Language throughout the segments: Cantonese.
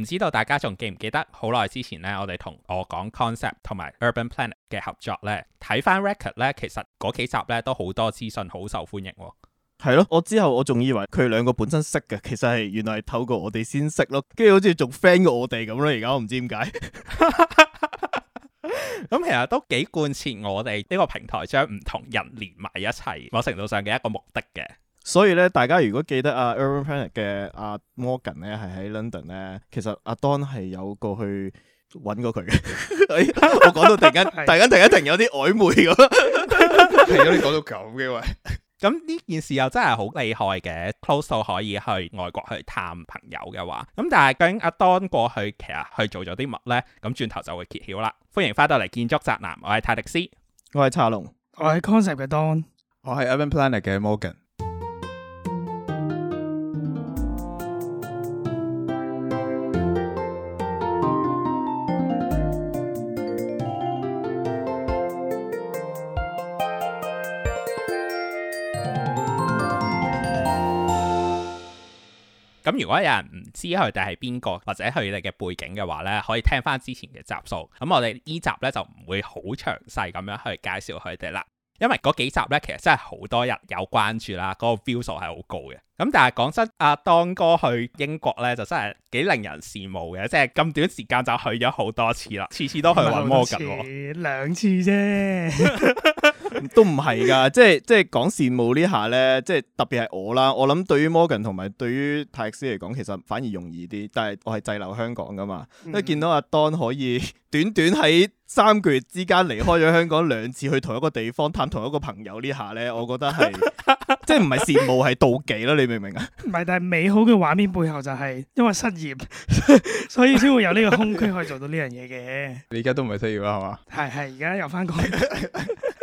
唔知道大家仲記唔記得好耐之前呢，我哋同我港 Kongcept 同埋 Urban Planet 嘅合作呢，睇翻 record 呢，其實嗰幾集呢都好多資訊，好受歡迎喎、哦。係咯，我之後我仲以為佢兩個本身識嘅，其實係原來係透過我哋先識咯，跟住好似仲 friend 過我哋咁咧，而家我唔知點解。咁 其實都幾貫徹我哋呢個平台將唔同人連埋一齊某程度上嘅一個目的嘅。所以咧，大家如果記得阿 Urban Planet 嘅阿 Morgan 咧，係喺 London 咧，其實阿 Don 係有過去揾過佢嘅。 我講到突然間，突然間停一停，有啲曖昧咁。係， 我你講到咁嘅喂，咁呢、嗯、件事又真係好厲害嘅。 Close 到可以去外國去探朋友嘅話，咁、嗯、但係究竟阿 Don 過去，其實去做咗啲乜咧，咁、嗯、轉頭就會揭曉啦。歡迎翻到嚟，建築宅男，我係泰迪斯，我係查龍，我係 Concept 嘅 Don，我係 Urban Planet 嘅 Morgan。咁如果有人唔知佢哋係邊個或者佢哋嘅背景嘅話呢，可以聽翻之前嘅集數。咁我哋呢集呢就唔會好詳細咁樣去介紹佢哋啦，因為嗰幾集呢其實真係好多人有關注啦，嗰、嗰個 view 數係好高嘅。咁但係講真，阿、啊、當哥去英國呢，就真係幾令人羨慕嘅，即係咁短時間就去咗好多次啦，次次都去搵摩根喎，Morgan 兩次啫。 都唔係噶，即係即係講羨慕呢下呢，即係特別係我啦。我諗對於 Morgan 同埋對於泰斯嚟講，其實反而容易啲。但係我係滯留香港噶嘛，嗯、因為見到阿 Don 可以短短喺三個月之間離開咗香港兩次，去同一個地方探同一個朋友呢下呢，我覺得係 即係唔係羨慕係妒忌咯，你明唔明啊？唔係，但係美好嘅畫面背後就係因為失業， 所以先會有呢個空虛可以做到呢樣嘢嘅。你而家都唔係失業啦，係嘛？係係，而家又翻工。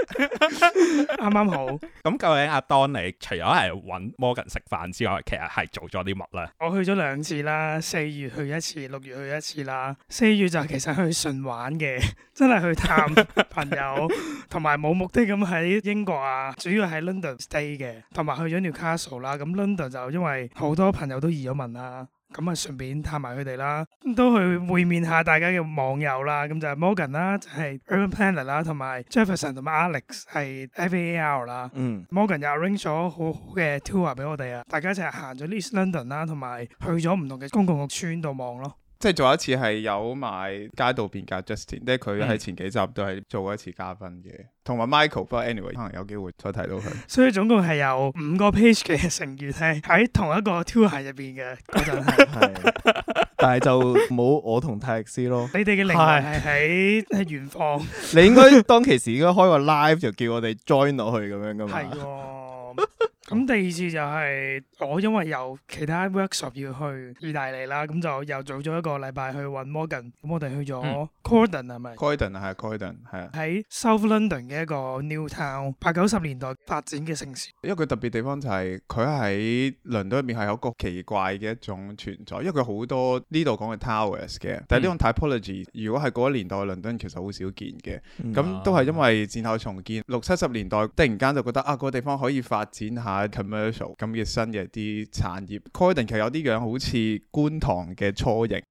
啱啱 好。咁 究竟阿 Don 你除咗係揾 Morgan 食飯之外，其實係做咗啲乜呢？我去咗兩次啦，四月去一次，六月去一次啦。四月就其實去順玩嘅，真係去探朋友，同埋冇目的咁喺英國啊，主要喺 London stay 嘅，同埋去咗 Newcastle 啦。咁 London 就因為好多朋友都移咗民啦。咁啊，順便探埋佢哋啦，都去會面下大家嘅網友啦，咁就係 Morgan 啦，就係 Urban Planet 啦，同埋 Jefferson 同埋 Alex 係 FAL 啦。嗯，Morgan 又 arrange 咗好好嘅 tour 俾我哋啊，大家一齊行咗 East London 啦，同埋去咗唔同嘅公共屋邨度望咯。即係做一次係有埋街道變革 Justin，即係佢喺前幾集都係做過一次嘉賓嘅，同埋 Michael。不過 Anyway 可能有機會再提到佢。所以總共係有五個 page 嘅成員係喺同一個 tour 入邊嘅，嗰陣係。但係就冇我同泰克斯咯。你哋嘅靈係喺係遠方。你應該當其時應該開個 live 就叫我哋 join 落去咁樣噶嘛。 咁第二次就係我因為有其他 workshop 要去意大利啦，咁就又早咗一個禮拜去揾 Morgan，咁我哋去咗 Cordon 係咪？Cordon 係啊 Cordon 係啊。喺、啊、South London 嘅一個 New Town，八九十年代發展嘅城市。因為佢特別地方就係佢喺倫敦入面係有個奇怪嘅一種存在，因為佢好多呢度講嘅 towers 嘅，但係呢種 typology、嗯、如果係嗰個年代倫敦其實好少見嘅，咁、嗯啊、都係因為戰後重建六七十年代突然間就覺得啊、嗰個地方可以發展下。啊、commercial 咁嘅新嘅啲產業，Croydon 其實有啲樣好似觀塘嘅雛形。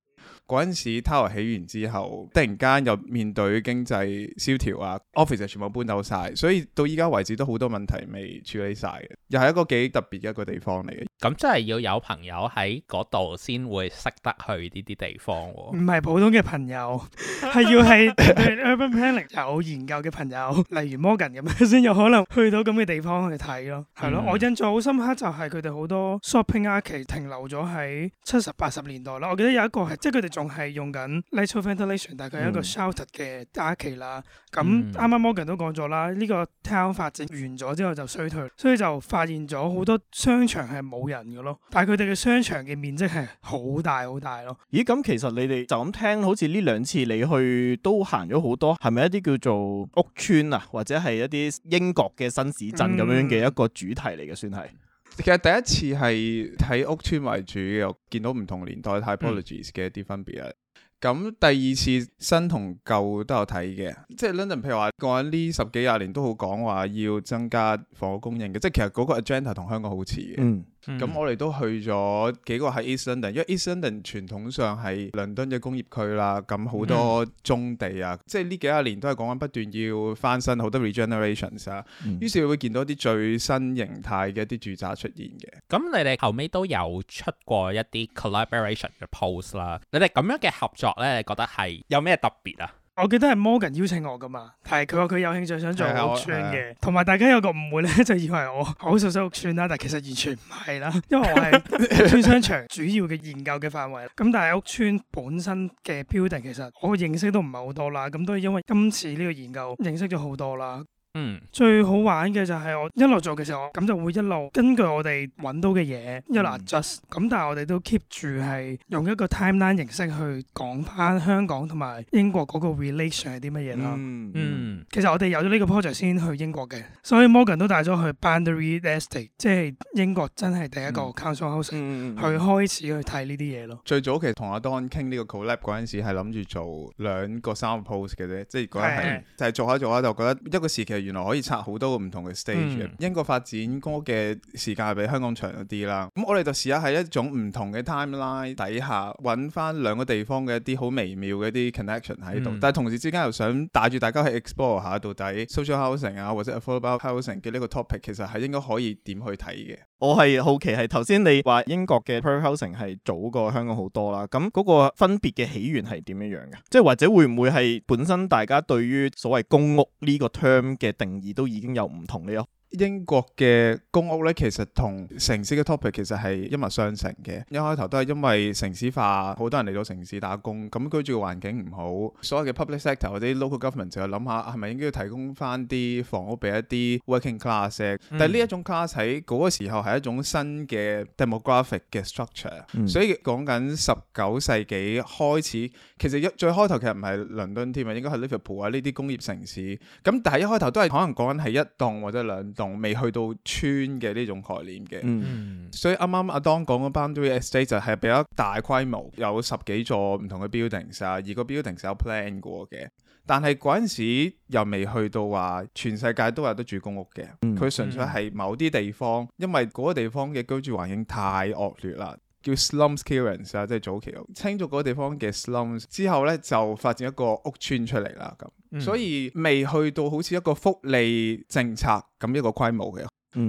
嗰陣時 Tower 起完之後，突然間又面對經濟蕭條啊，office 全部搬走晒。所以到依家為止都好多問題未處理晒，又係一個幾特別嘅一個地方嚟嘅。咁真係要有朋友喺嗰度先會識得去呢啲地方。哦，唔係普通嘅朋友，係 要係 urban planning 有研究嘅朋友，例如 Morgan 咁樣先有可能去到咁嘅地方去睇咯，係咯。嗯、我印象好深刻就係佢哋好多 shopping arcade 停留咗喺七十八十年代啦。我記得有一個係即係佢哋仲係用緊 natural ventilation，大概佢係一個 shelter 嘅 arcade 啦。咁啱啱、嗯、Morgan 都講咗啦，呢、這個 town 發展完咗之後就衰退，所以就發現咗好多商場係冇人嘅咯，但係佢哋嘅商場嘅面積係好大好大咯。咦，咁其實你哋就咁聽，好似呢兩次你去都行咗好多，係咪一啲叫做屋邨啊，或者係一啲英國嘅新市鎮咁樣嘅一個主題嚟嘅？算係、嗯。其實第一次係睇屋邨為主，又見到唔同年代 typologies 嘅、嗯、一啲分別。咁第二次新同舊都有睇嘅，即係 London。譬如話講緊呢十幾廿年都好講話要增加房屋供應嘅，即係其實嗰個 agenda 同香港好似嘅。嗯。咁、嗯、我哋都去咗幾個喺 East London，因為 East London 傳統上係倫敦嘅工業區啦，咁好多棕地啊，嗯、即係呢幾十年都係講緊不斷要翻新，好多 regenerations 啊，嗯、於是會見到啲最新形態嘅一啲住宅出現嘅。咁、嗯、你哋後尾都有出過一啲 collaboration 嘅 post 啦，你哋咁樣嘅合作咧，你覺得係有咩特別啊？我記得係 Morgan 邀請我㗎嘛，係佢話佢有興趣想做屋村嘅，同埋大家有個誤會呢，就以為我好熟悉屋村啦，但其實完全唔係啦，因為我係屋邨商場主要嘅研究嘅範圍，咁但係屋村本身嘅 building 其實我認識都唔係好多啦，咁都係因為今次呢個研究認識咗好多啦。嗯，最好玩嘅就係我一路做嘅時候，咁就會一路根據我哋揾到嘅嘢，嗯、一路 adjust 咁但係我哋都 keep 住係用一個 timeline 形式去講翻香港同埋英國嗰個 relation 係啲乜嘢咯。嗯，嗯其實我哋有咗呢個 project 先去英國嘅，所以 Morgan 都帶咗去 Boundary Estate 即係英國真係第一個 Council Housing 去開始去睇呢啲嘢咯。最早期同阿 Don 傾呢個 collab 嗰陣時係諗住做兩個三個 post 嘅啫，即係嗰陣係就係做下做下就覺得的一個時期。原來可以拆好多個唔同嘅 stage、嗯。英國發展歌嘅時間係比香港長一啲啦。咁、嗯、我哋就試下喺一種唔同嘅 timeline 底下，揾翻兩個地方嘅一啲好微妙嘅一啲 connection 喺度。嗯、但係同時之間又想帶住大家去 explore 下，到底 social housing 啊或者 affordable housing 嘅呢個 topic 其實係應該可以點去睇嘅。我係好奇係頭先你話英國嘅 public housing 係早過香港好多啦。咁嗰個分別嘅起源係點樣樣㗎？即係或者會唔會係本身大家對於所謂公屋呢個 term 嘅？定義都已經有唔同呢個。英國嘅公屋咧，其實同城市嘅 topic 其實係一脈相承嘅。一開頭都係因為城市化，好多人嚟到城市打工，咁、嗯、居住環境唔好，所謂嘅 public sector 或者 local government 就諗下，係、啊、咪應該要提供翻啲房屋俾一啲 working class？但係呢一種 class 喺嗰個時候係一種新嘅 demographic 嘅 structure、嗯。所以講緊十九世紀開始，其實一最開頭其實唔係倫敦添啊，應該係 Liverpool 啊呢啲工業城市。咁、嗯、但係一開頭都係可能講緊係一棟或者兩棟。仲未去到村嘅呢種概念嘅，嗯、所以啱啱阿 Don 講嗰班 Boundary Estate 就係比較大規模，有十幾座唔同嘅 building 沙，而個 building 沙有 plan 過嘅，但係嗰陣時又未去到話全世界都有得住公屋嘅，佢、嗯、純粹係某啲地方，嗯、因為嗰個地方嘅居住環境太惡劣啦。叫 slums clearance 啊，即係早期清咗個地方嘅 slums 之後咧，就發展一個屋邨出嚟啦咁，嗯、所以未去到好似一個福利政策咁一個規模嘅，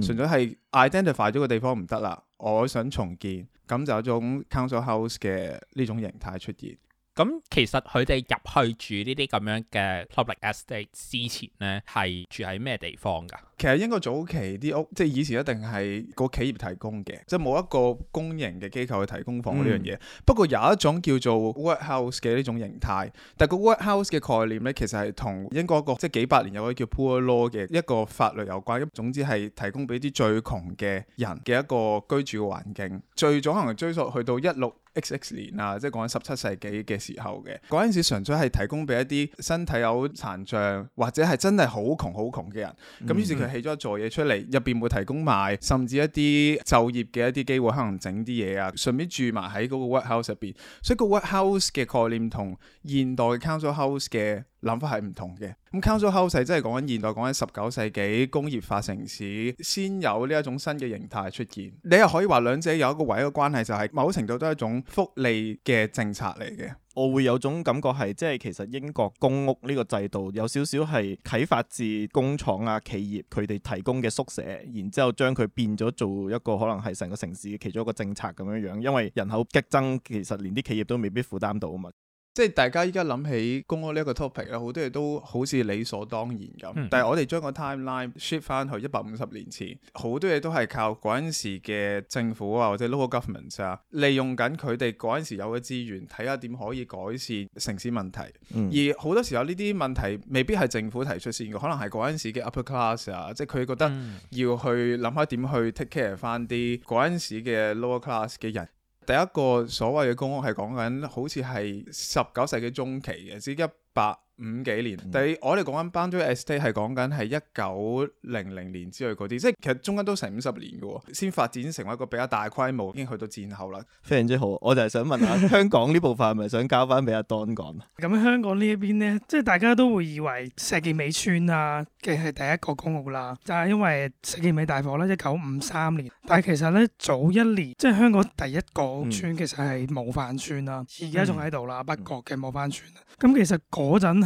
純、嗯、粹係 identify 咗個地方唔得啦，我想重建，咁就有種 council house 嘅呢種形態出現。咁其實佢哋入去住呢啲咁樣嘅 public estate 之前呢，係住喺咩地方噶？其實英國早期啲屋，即係以前一定係個企業提供嘅，即係冇一個公營嘅機構去提供房屋呢樣嘢。不過有一種叫做 workhouse 嘅呢種形態，但係個 workhouse 嘅概念呢，其實係同英國一個即係幾百年有個叫 poor law 嘅一個法律有關。咁總之係提供俾啲最窮嘅人嘅一個居住環境。最早可能追溯去到一六。X X 年啊，即係講緊十七世紀嘅時候嘅嗰陣時，純粹係提供俾一啲身體有殘障或者係真係好窮好窮嘅人。咁、嗯、哼於是佢起咗一座嘢出嚟，入邊會提供埋甚至一啲就業嘅一啲機會，可能整啲嘢啊，順便住埋喺嗰個 workhouse 入邊。所以個 workhouse 嘅概念同現代嘅 council house 嘅諗法係唔同嘅，咁、嗯、Council House 即係講緊現代，講緊十九世紀工業化城市先有呢一種新嘅形態出現。你又可以話兩者有一個唯一嘅關係，就係、是、某程度都係一種福利嘅政策嚟嘅。我會有種感覺係，即係其實英國公屋呢個制度有少少係啟發自工廠啊、企業佢哋提供嘅宿舍，然之後將佢變咗做一個可能係成個城市其中一個政策咁樣樣。因為人口激增，其實連啲企業都未必負擔到啊嘛。即係大家依家諗起公屋呢一個 topic 咧，好多嘢都好似理所當然咁。嗯、但係我哋將個 timeline shift 翻去一百五十年前，好多嘢都係靠嗰陣時嘅政府啊，或者 local government 啊，利用緊佢哋嗰陣時有嘅資源，睇下點可以改善城市問題。嗯、而好多時候呢啲問題未必係政府提出先嘅，可能係嗰陣時嘅 upper class 啊，即係佢覺得要去諗下點去 take care 翻啲嗰陣時嘅 lower class 嘅人。第一個所謂嘅公屋係講緊，好似係十九世紀中期嘅，即一百五幾年，嗯、但我哋講緊 Boundary Estate 係講緊係一九零零年之類嗰啲，即係其實中間都成五十年嘅喎，先發展成為一個比較大規模，已經去到戰後啦，嗯、非常之好。我就係想問下 香港呢部分係咪想交翻俾阿 Don 講？咁香港呢一邊咧，即係大家都會以為石硤尾邨啊嘅係第一個公屋啦，就係因為石硤尾大火咧，一九五三年。但係其實咧早一年，即係香港第一個屋邨，其實係模範邨啦，而家仲喺度啦，北角嘅模範邨。咁、嗯嗯、其實嗰陣。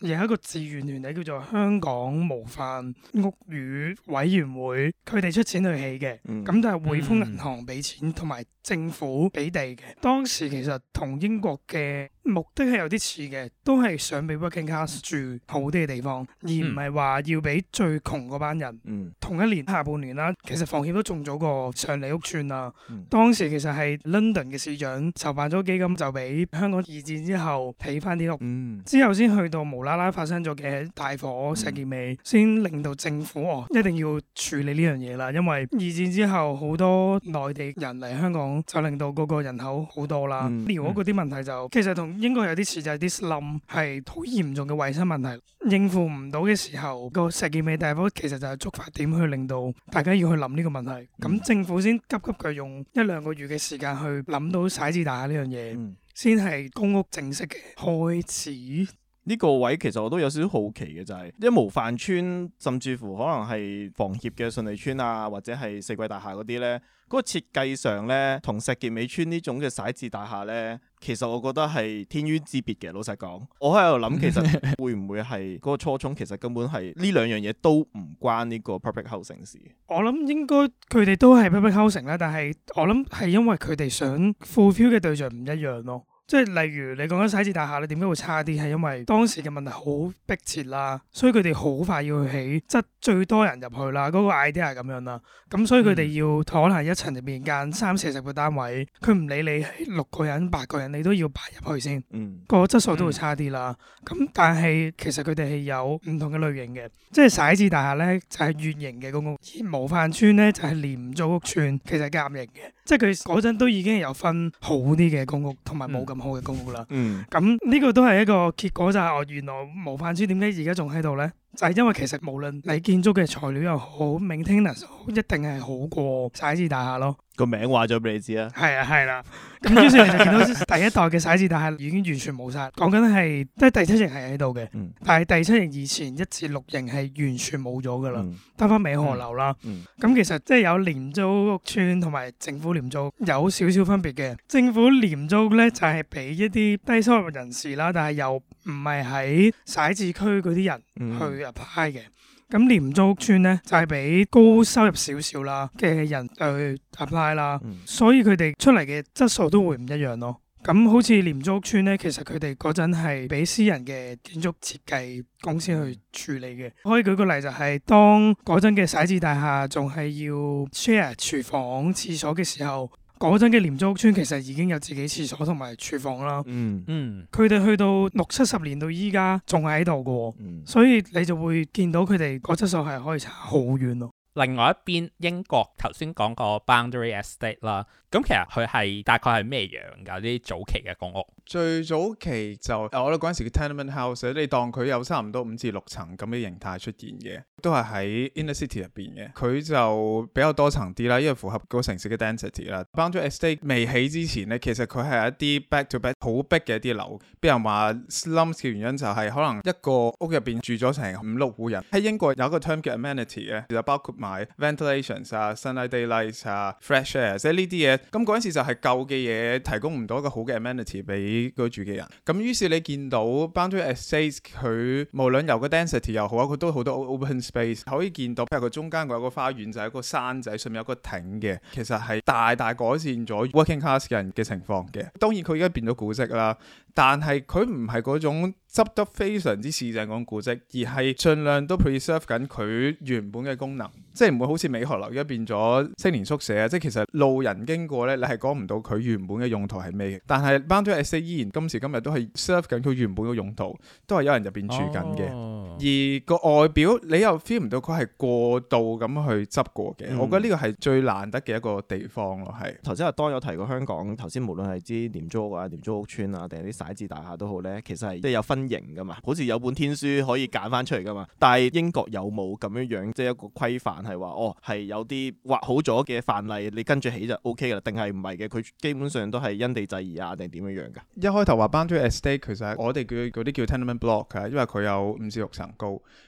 而係一個志願團體叫做香港模範屋宇委員會，佢哋出錢去起嘅，咁、嗯、都係匯豐銀行俾錢，同埋政府俾地嘅。當時其實同英國嘅目的係有啲似嘅，都係想俾 working class 住好啲嘅地方，而唔係話要俾最窮嗰班人。嗯、同一年下半年啦，其實房協都中咗個上嚟屋邨啦。當時其實係 London 嘅市長籌辦咗基金，就俾香港二戰之後起翻啲屋，嗯、之後先去到模範啦。拉拉發生咗嘅大火石硤尾，先、嗯、令到政府、哦、一定要處理呢樣嘢啦。因為二戰之後好多內地人嚟香港，就令到嗰個人口好多啦。如果嗰啲問題就其實同英國有啲似，就係啲冧係好嚴重嘅衛生問題。應付唔到嘅時候，個石硤尾大火其實就係觸發點去令到大家要去諗呢個問題。咁、嗯、政府先急急嘅用一兩個月嘅時間去諗到徙置大廈呢樣嘢，先係公屋正式嘅開始。呢個位其實我都有少少好奇嘅，就係一模範邨，甚至乎可能係房協嘅順利村啊，或者係四季大廈嗰啲呢。嗰個設計上呢，同石硤尾邨種骰呢種嘅徙置大廈呢，其實我覺得係天淵之別嘅。老實講，我喺度諗，其實會唔會係嗰個初衷其實根本係呢兩樣嘢都唔關呢個 perfect housing 事。 我諗應該佢哋都係 perfect housing 啦，但係我諗係因為佢哋想付標嘅對象唔一樣咯。即係例如你講緊徙置大廈，你點解會差啲？係因為當時嘅問題好迫切啦，所以佢哋好快要去起。最多人入去啦，嗰、那個 idea 係咁樣啦，咁所以佢哋要可能一層入面間三四十個單位，佢唔理你六個人、八個人，你都要排入去先，個、嗯、質素都會差啲啦。咁但係其實佢哋係有唔同嘅類型嘅，即係徙置大廈咧就係、是、圓形嘅公屋，而模範邨咧就係、是、廉租屋邨，其實夾形嘅，即係佢嗰陣都已經係有分好啲嘅公屋同埋冇咁好嘅公屋啦。咁呢、嗯、個都係一個結果就係、是、哦，原來模範邨點解而家仲喺度咧？就係因為其實無論你建築嘅材料又好 maintenance 好，一定係好過寫字大廈咯。個名話咗俾你知啊，係啊係啦，咁於是就見到第一代嘅徙置，但係已經完全冇晒，講緊係即係第七型係喺度嘅，嗯、但係第七型以前一至六型係完全冇咗噶啦，得翻、嗯、美荷樓啦。咁、嗯嗯嗯、其實即係有廉租屋邨同埋政府廉租有少少分別嘅，政府廉租咧就係、是、俾一啲低收入人士啦，但係又唔係喺徙置區嗰啲人去入派嘅。嗯咁廉租屋邨咧，就係、是、俾高收入少少啦嘅人去 apply 啦，所以佢哋出嚟嘅質素都會唔一樣咯。咁好似廉租屋邨咧，其實佢哋嗰陣係俾私人嘅建築設計公司去處理嘅。嗯、可以舉個例就係、是，當嗰陣嘅徙置大廈仲係要 share 廚房、廁所嘅時候。嗰陣嘅廉租屋村其實已經有自己廁所同埋廚房啦、嗯。嗯嗯，佢哋去到六七十年到依家仲喺度噶，嗯、所以你就會見到佢哋個質素係可以差好遠咯。另外一邊，英國頭先講過 boundary estate 啦，咁其實佢係大概係咩樣噶啲早期嘅公屋？最早期就，誒，我哋嗰陣時叫 tenement house，你當佢有差唔多五至六層咁嘅形態出現嘅，都係喺 inner city 入邊嘅。佢就比較多層啲啦，因為符合個城市嘅 density 啦。Banjo estate 未起之前咧，其實佢係一啲 back to back 好逼嘅一啲樓。啲人話 slums 嘅原因就係可能一個屋入邊住咗成五六戶人。喺英國有一個 term 叫 amenity 咧，就包括埋 ventilations 啊、sunlight、daylight s 啊、fresh air、啊、即係呢啲嘢。咁嗰陣時就係舊嘅嘢提供唔到一個好嘅 amenity 俾佢住嘅人，咁於是你見到 Boundary Estates，佢無論由個 density 又好，佢都好多 open space，可以見到，譬如佢中間個有個花園，就係、是、一個山仔，上面有個亭嘅，其實係大大改善咗 working class 嘅人嘅情況嘅。當然佢而家變咗古蹟啦，但係佢唔係嗰種。執得非常之市井嗰個古蹟，而係盡量都 preserve 緊佢原本嘅功能，即係唔會好似美荷樓而家變咗青年宿舍啊！即係其實路人經過咧，你係講唔到佢原本嘅用途係咩嘅。但係 Boundary Estate 依然今時今日都係 serve 緊佢原本嘅用途，都係有人入邊住緊嘅。哦、而個外表你又 feel 唔到佢係過度咁去執過嘅。嗯、我覺得呢個係最難得嘅一個地方咯。係頭先阿當有提過香港，頭先無論係啲廉租屋啊、廉租屋邨啊，定係啲徙置大廈都好咧，其實係即係有分。型噶嘛，好似有本天書可以揀翻出嚟噶嘛，但係英國有冇咁樣樣，即係一個規範係話，哦，係有啲畫好咗嘅範例，你跟住起就 O K 噶啦，定係唔係嘅？佢基本上都係因地制宜啊，定係點樣樣噶？一開頭話 Boundary estate 其實我哋叫嗰啲叫 tenement block 啊，因為佢有五至六層高。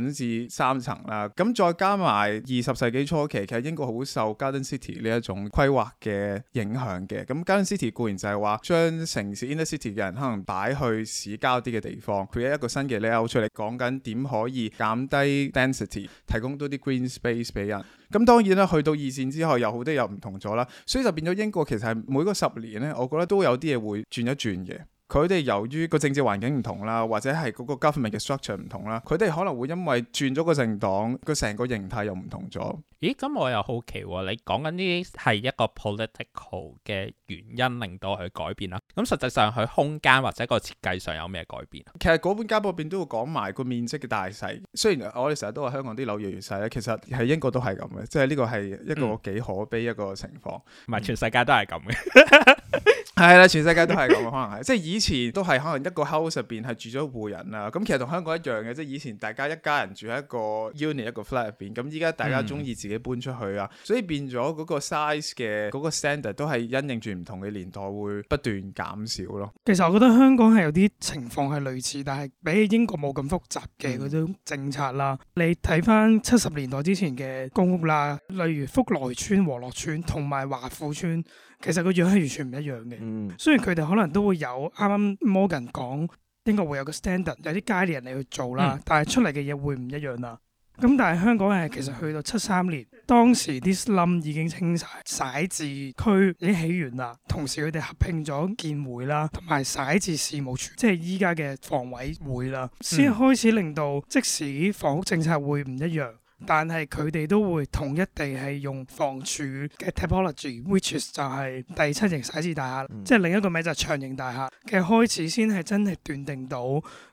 緊至三層啦，咁再加埋二十世紀初期，其實英國好受 Garden City 呢一種規劃嘅影響嘅。咁 Garden City 固然就係話將城市 Inner City 嘅人可能擺去市郊啲嘅地方，create 一個新嘅 layout 出嚟。講緊點可以減低 density，提供多啲 green space 俾人。咁當然啦，去到二戰之後，有好多又唔同咗啦，所以就變咗英國其實係每個十年咧，我覺得都有啲嘢會轉一轉嘅。佢哋由於個政治環境唔同啦，或者係嗰個 government 嘅 structure 唔同啦，佢哋可能會因為轉咗個政黨，個成個形態又唔同咗。咦？咁我又好奇喎、哦，你講緊呢啲係一個 political 嘅原因令到佢改變啦。咁實際上佢空間或者個設計上有咩改變啊？其實嗰本傢博入面都會講埋個面積嘅大細。雖然我哋成日都話香港啲樓越嚟越細咧，其實喺英國都係咁嘅，即係呢個係一個幾可悲一個情況，唔係、嗯、全世界都係咁嘅。 係啦，全世界都係咁， 可能係，即係以前都係可能一個 house 入邊係住咗一戶人啦。咁其實同香港一樣嘅，即係以前大家一家人住喺一個 unit 一個 flat 入邊。咁依家大家中意自己搬出去啊，嗯、所以變咗嗰個 size 嘅嗰個 standard 都係因應住唔同嘅年代會不斷減少咯。其實我覺得香港係有啲情況係類似，但係比起英國冇咁複雜嘅嗰種政策啦。你睇翻七十年代之前嘅公屋啦，例如福來邨、和樂邨同埋華富邨。其實個樣係完全唔一樣嘅，雖然佢哋可能都有剛剛會有啱啱 Morgan 講應該會有個 standard，有啲 guideline 嚟去做啦，嗯、但係出嚟嘅嘢會唔一樣啦。咁、嗯、但係香港係其實去到七三年，當時啲冧、um、已經清晒，徙置區已經起完啦，同時佢哋合併咗建會啦，同埋徙置事務處，即係依家嘅房委會啦，先、嗯、開始令到即使房屋政策會唔一樣。但係佢哋都會同一地係用房署嘅 typology，which is 就係第七型徙置大廈，嗯、即係另一個名就係長型大廈。其實開始先係真係斷定到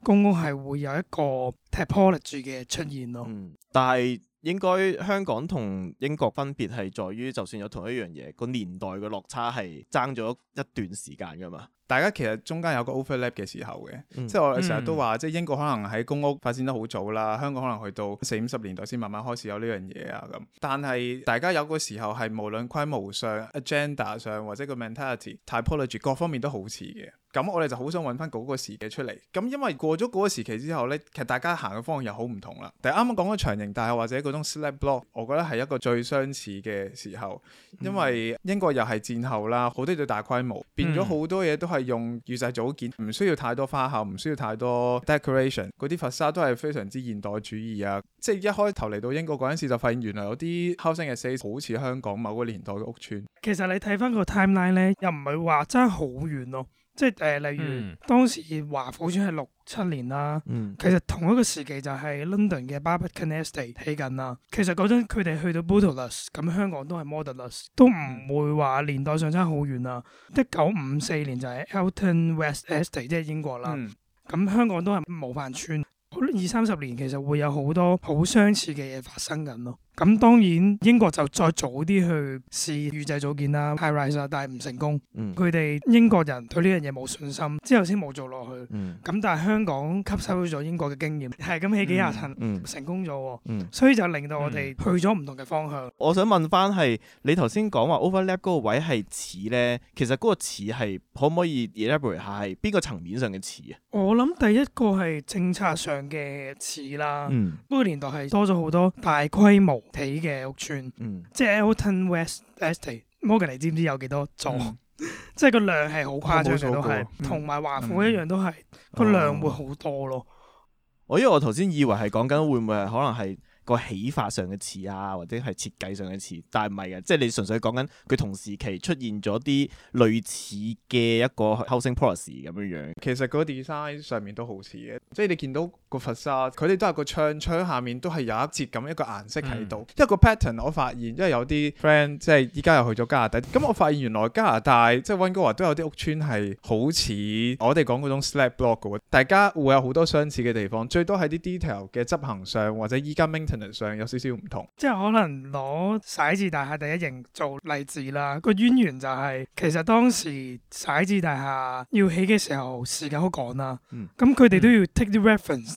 公屋係會有一個 typology 嘅出現咯。嗯，但係應該香港同英國分別係在於，就算有同一樣嘢，個年代嘅落差係爭咗一段時間噶嘛。大家其實中間有個 overlap 嘅時候嘅，嗯、即係我哋成日都話，嗯、即係英國可能喺公屋發展得好早啦，香港可能去到四五十年代先慢慢開始有呢、啊、樣嘢啊咁。但係大家有個時候係無論規模上、agenda 上或者個 mentality、typology 各方面都好似嘅。咁我哋就好想搵返嗰個時期出嚟。咁因為過咗嗰個時期之後呢，其實大家行嘅方向又好唔同啦。但係啱啱講嘅長型大廈或者嗰種 slab block，我覺得係一個最相似嘅時候，因為英國又係戰後啦，好多嘢大規模變咗，好多嘢都係。用預製組件，唔需要太多花巧，唔需要太多 decoration，嗰啲佛沙都係非常之現代主義啊！即係一開頭嚟到英國嗰陣時就發現，原來有啲 housing estates 好似香港某個年代嘅屋邨。其實你睇翻個 timeline 呢，又唔係話爭好遠咯、哦。即係誒，例如當時華富邨係六七年啦，其實同一個時期就係 London 嘅 Barbican Estate 起緊啦。其實嗰陣佢哋去到 Brutalist 咁，香港都係 Modelus，都唔會話年代相差好遠啦。一九五四年就係 Alton West Estate 即係英國啦，咁香港都係模範邨，二三十年其實會有好多好相似嘅嘢發生緊咯。咁當然英國就再早啲去試預製組件啦、high rise 啦，但係唔成功。佢哋、嗯、英國人對呢樣嘢冇信心，之後先冇做落去。咁、嗯、但係香港吸收咗英國嘅經驗，係咁起幾廿層、嗯、成功咗，嗯、所以就令到我哋去咗唔同嘅方向。我想問翻係你頭先講話 overlap 嗰個位係似咧，其實嗰個似係可唔可以 elaborate 下係邊個層面上嘅似啊？我諗第一個係政策上嘅似啦，嗰個年代係多咗好多大規模。睇嘅屋邨，嗯、即係 Alton West Estate。Morgan，知唔知有幾多座？嗯、即係個量係好誇張嘅，都係、嗯、同埋畫風一樣都，都係個量會好多咯。嗯、我因為我頭先以為係講緊會唔會係可能係個啟發上嘅似啊，或者係設計上嘅似，但係唔係嘅，即係你純粹講緊佢同時期出現咗啲類似嘅一個 housing policy 咁樣樣。其實個 design 上面都好似嘅，即係你見到。個佛山，佢哋都係個窗窗下面都係有一節咁一個顏色喺度，因為、嗯、個 pattern 我發現，因為有啲 friend 即係依家又去咗加拿大，咁 我發現原來加拿大即係溫哥華都有啲屋邨係好似我哋講嗰種 slab block 嘅，大家會有好多相似嘅地方，最多喺啲 detail 嘅執行上或者依家 maintenance 上有少少唔同，即係可能攞徙置大廈第一型做例子啦，那個淵源就係、是、其實當時徙置大廈要起嘅時候時間好趕啦、啊，咁佢哋都要 take 啲 reference。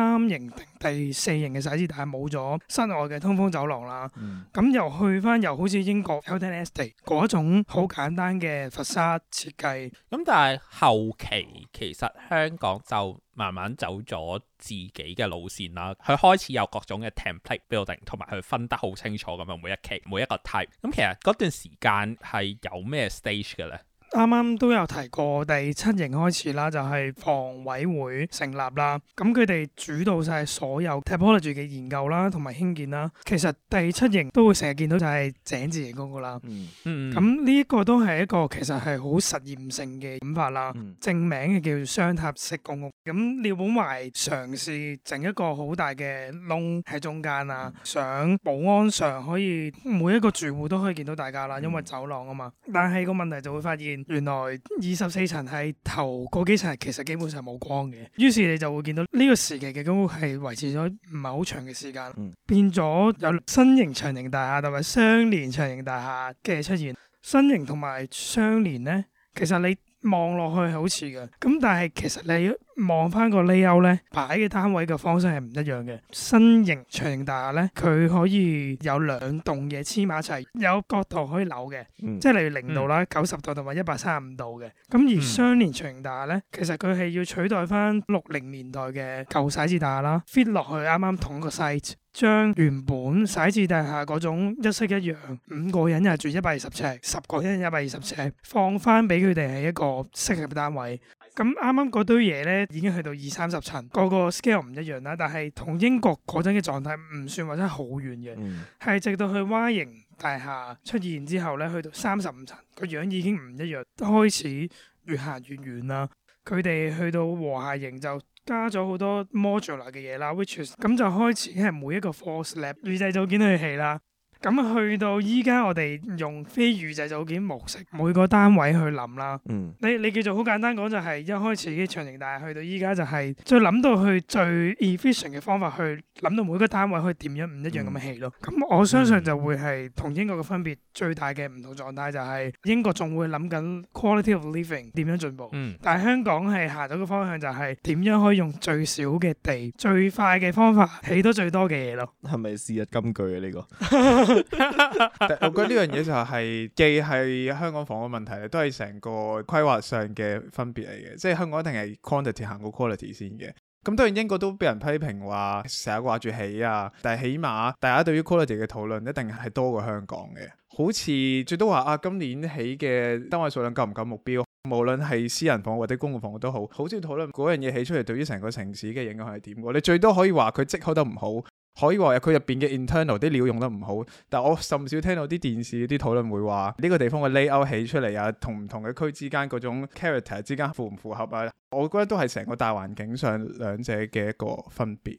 三型定第四型嘅細資，但係冇咗室外嘅通風走廊啦。咁、嗯、又去翻又好似英國 LTSD 種好簡單嘅佛沙設計。咁、嗯、但係後期其實香港就慢慢走咗自己嘅路線啦。佢開始有各種嘅 template building，同埋佢分得好清楚咁啊，每一期每一個 type。咁、嗯、其實嗰段時間係有咩 stage 嘅咧？啱啱都有提過第七型開始啦，就係、是、房委會成立啦。咁佢哋主導晒所有 typology 嘅研究啦，同埋興建啦。其實第七型都會成日見到就係井字型嗰個啦、嗯。嗯嗯。咁呢一個都係一個其實係好實驗性嘅諗法啦。正名嘅叫雙塔式公屋。咁廖本懷嘗試整一個好大嘅窿喺中間啊，嗯、想保安上可以每一個住戶都可以見到大家啦，嗯、因為走廊啊嘛。但係個問題就會發現。原來二十四層係頭嗰幾層，其實基本上冇光嘅。於是你就會見到呢個時期嘅根本係維持咗唔係好長嘅時間，變咗有新型長型大廈同埋相連長型大廈嘅出現，新型同埋相連咧，其實你。望落去係好似嘅，咁但係其實你望翻個 layout 咧，擺嘅單位嘅方式係唔一樣嘅。新型長型大廈咧，佢可以有兩棟嘢黐埋一齊，有角度可以扭嘅，嗯、即係例如零度啦、九十度同埋一百三十五度嘅。咁而雙連長型大廈咧，其實佢係要取代翻六零年代嘅舊徙置大廈啦，fit 落去啱啱同個 size 將原本徙置大廈嗰種一式一樣，五個人又住一百二十尺，十個人一百二十尺，放翻俾佢哋係一個適合單位。咁啱啱嗰堆嘢咧已經去到二三十層，個個 scale 唔一樣啦。但係同英國嗰陣嘅狀態唔算話真係好遠嘅，係、mm. 直到去 Y 型大廈出現之後咧，去到三十五層，個樣已經唔一樣，開始越行越遠啦。佢哋去到和諧型就，加咗好多 modular 嘅嘢啦，which is 咁就開始係每一個 four slab 預製組件去起啦。咁去到依家，我哋用非預製組件模式，每個單位去諗啦。嗯、你你叫做好簡單講，就係一開始已經長型，但係去到依家就係再諗到去最 efficient 嘅方法，去諗到每個單位可以點樣唔一樣咁起咯。咁、嗯、我相信、嗯、就會係同英國嘅分別最大嘅唔同狀態，就係英國仲會諗緊 quality of living 點樣進步，嗯、但係香港係行咗個方向，就係點樣可以用最少嘅地、最快嘅方法起到最多嘅嘢咯。係咪事日金句啊？呢、這個？ 我覺得呢樣嘢，就係既係香港房屋嘅問題，都係成個規劃上嘅分別嚟嘅。即係香港一定係 quantity 行過 quality 先嘅。咁、嗯、當然英國都被人批評話成日掛住起啊，但係起碼大家對於 quality 嘅討論一定係多過香港嘅。好似最多話啊，今年起嘅單位數量夠唔夠目標？無論係私人房屋或者公共房屋都好，好少討論嗰樣嘢起出嚟對於成個城市嘅影響係點。你最多可以話佢即開得唔好。可以話佢入邊嘅 internal 啲料用得唔好，但我甚少聽到啲電視啲討論會話呢、這個地方嘅 layout 起出嚟啊，同唔同嘅區之間嗰種 character 之間符唔符合啊？我覺得都係成個大環境上兩者嘅一個分別。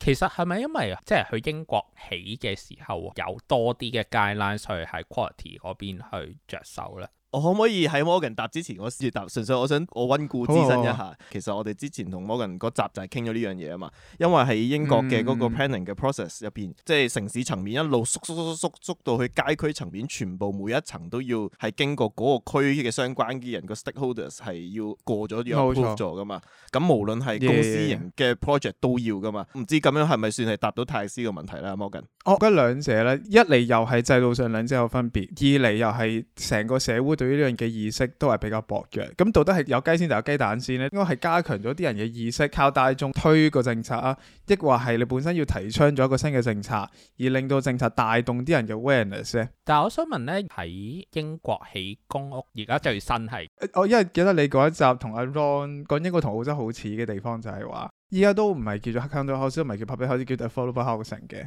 其實係咪因為即係去英國起嘅時候有多啲嘅 guidelines，所以喺 quality 嗰邊去着手咧？我可唔可以喺摩根答之前我先至答？純粹我想我溫故知新一下。哦哦，其實我哋之前同摩根嗰集就係傾咗呢樣嘢啊嘛。因為喺英國嘅嗰個 planning 嘅 process 入邊，嗯、即係城市層面一路縮縮縮縮縮到去街區層面，全部每一層都要係經過嗰個區嘅相關嘅人個 stakeholders 係要過咗要個 p 噶嘛。咁錯無論係公私營嘅 project 都要噶嘛。唔知咁樣係咪算係答到泰斯嘅問題咧？摩根，我覺得兩者咧，一嚟又係制度上兩者有分別，二嚟又係成個社會，對於呢樣嘅意識都係比較薄弱，咁到底係有雞先就有雞蛋先咧？應該係加強咗啲人嘅意識，靠大眾推個政策啊，抑或係你本身要提倡咗一個新嘅政策，而令到政策帶動啲人嘅 awareness 呢？但係我想問呢，喺英國起公屋而家最新係，我、呃哦、因為記得你嗰一集同阿 Don 講英國同澳洲好似嘅地方就，就係話依家都唔係叫，叫，叫做 Council House 唔係叫 Public House 叫 Affordable Housing 嘅。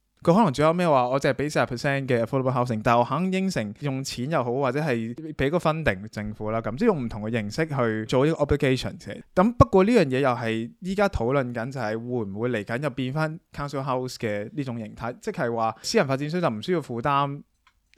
佢可能最後咩話，我淨係俾四十 percent 嘅 affordable housing，但我肯應承用錢又好，或者係俾個 funding 政府啦，咁即係用唔同嘅形式去做呢個 obligation 啫。咁不過呢樣嘢又係依家討論緊，就係會唔會嚟緊又變翻 council house 嘅呢種形態？即係話私人發展商就唔需要負擔。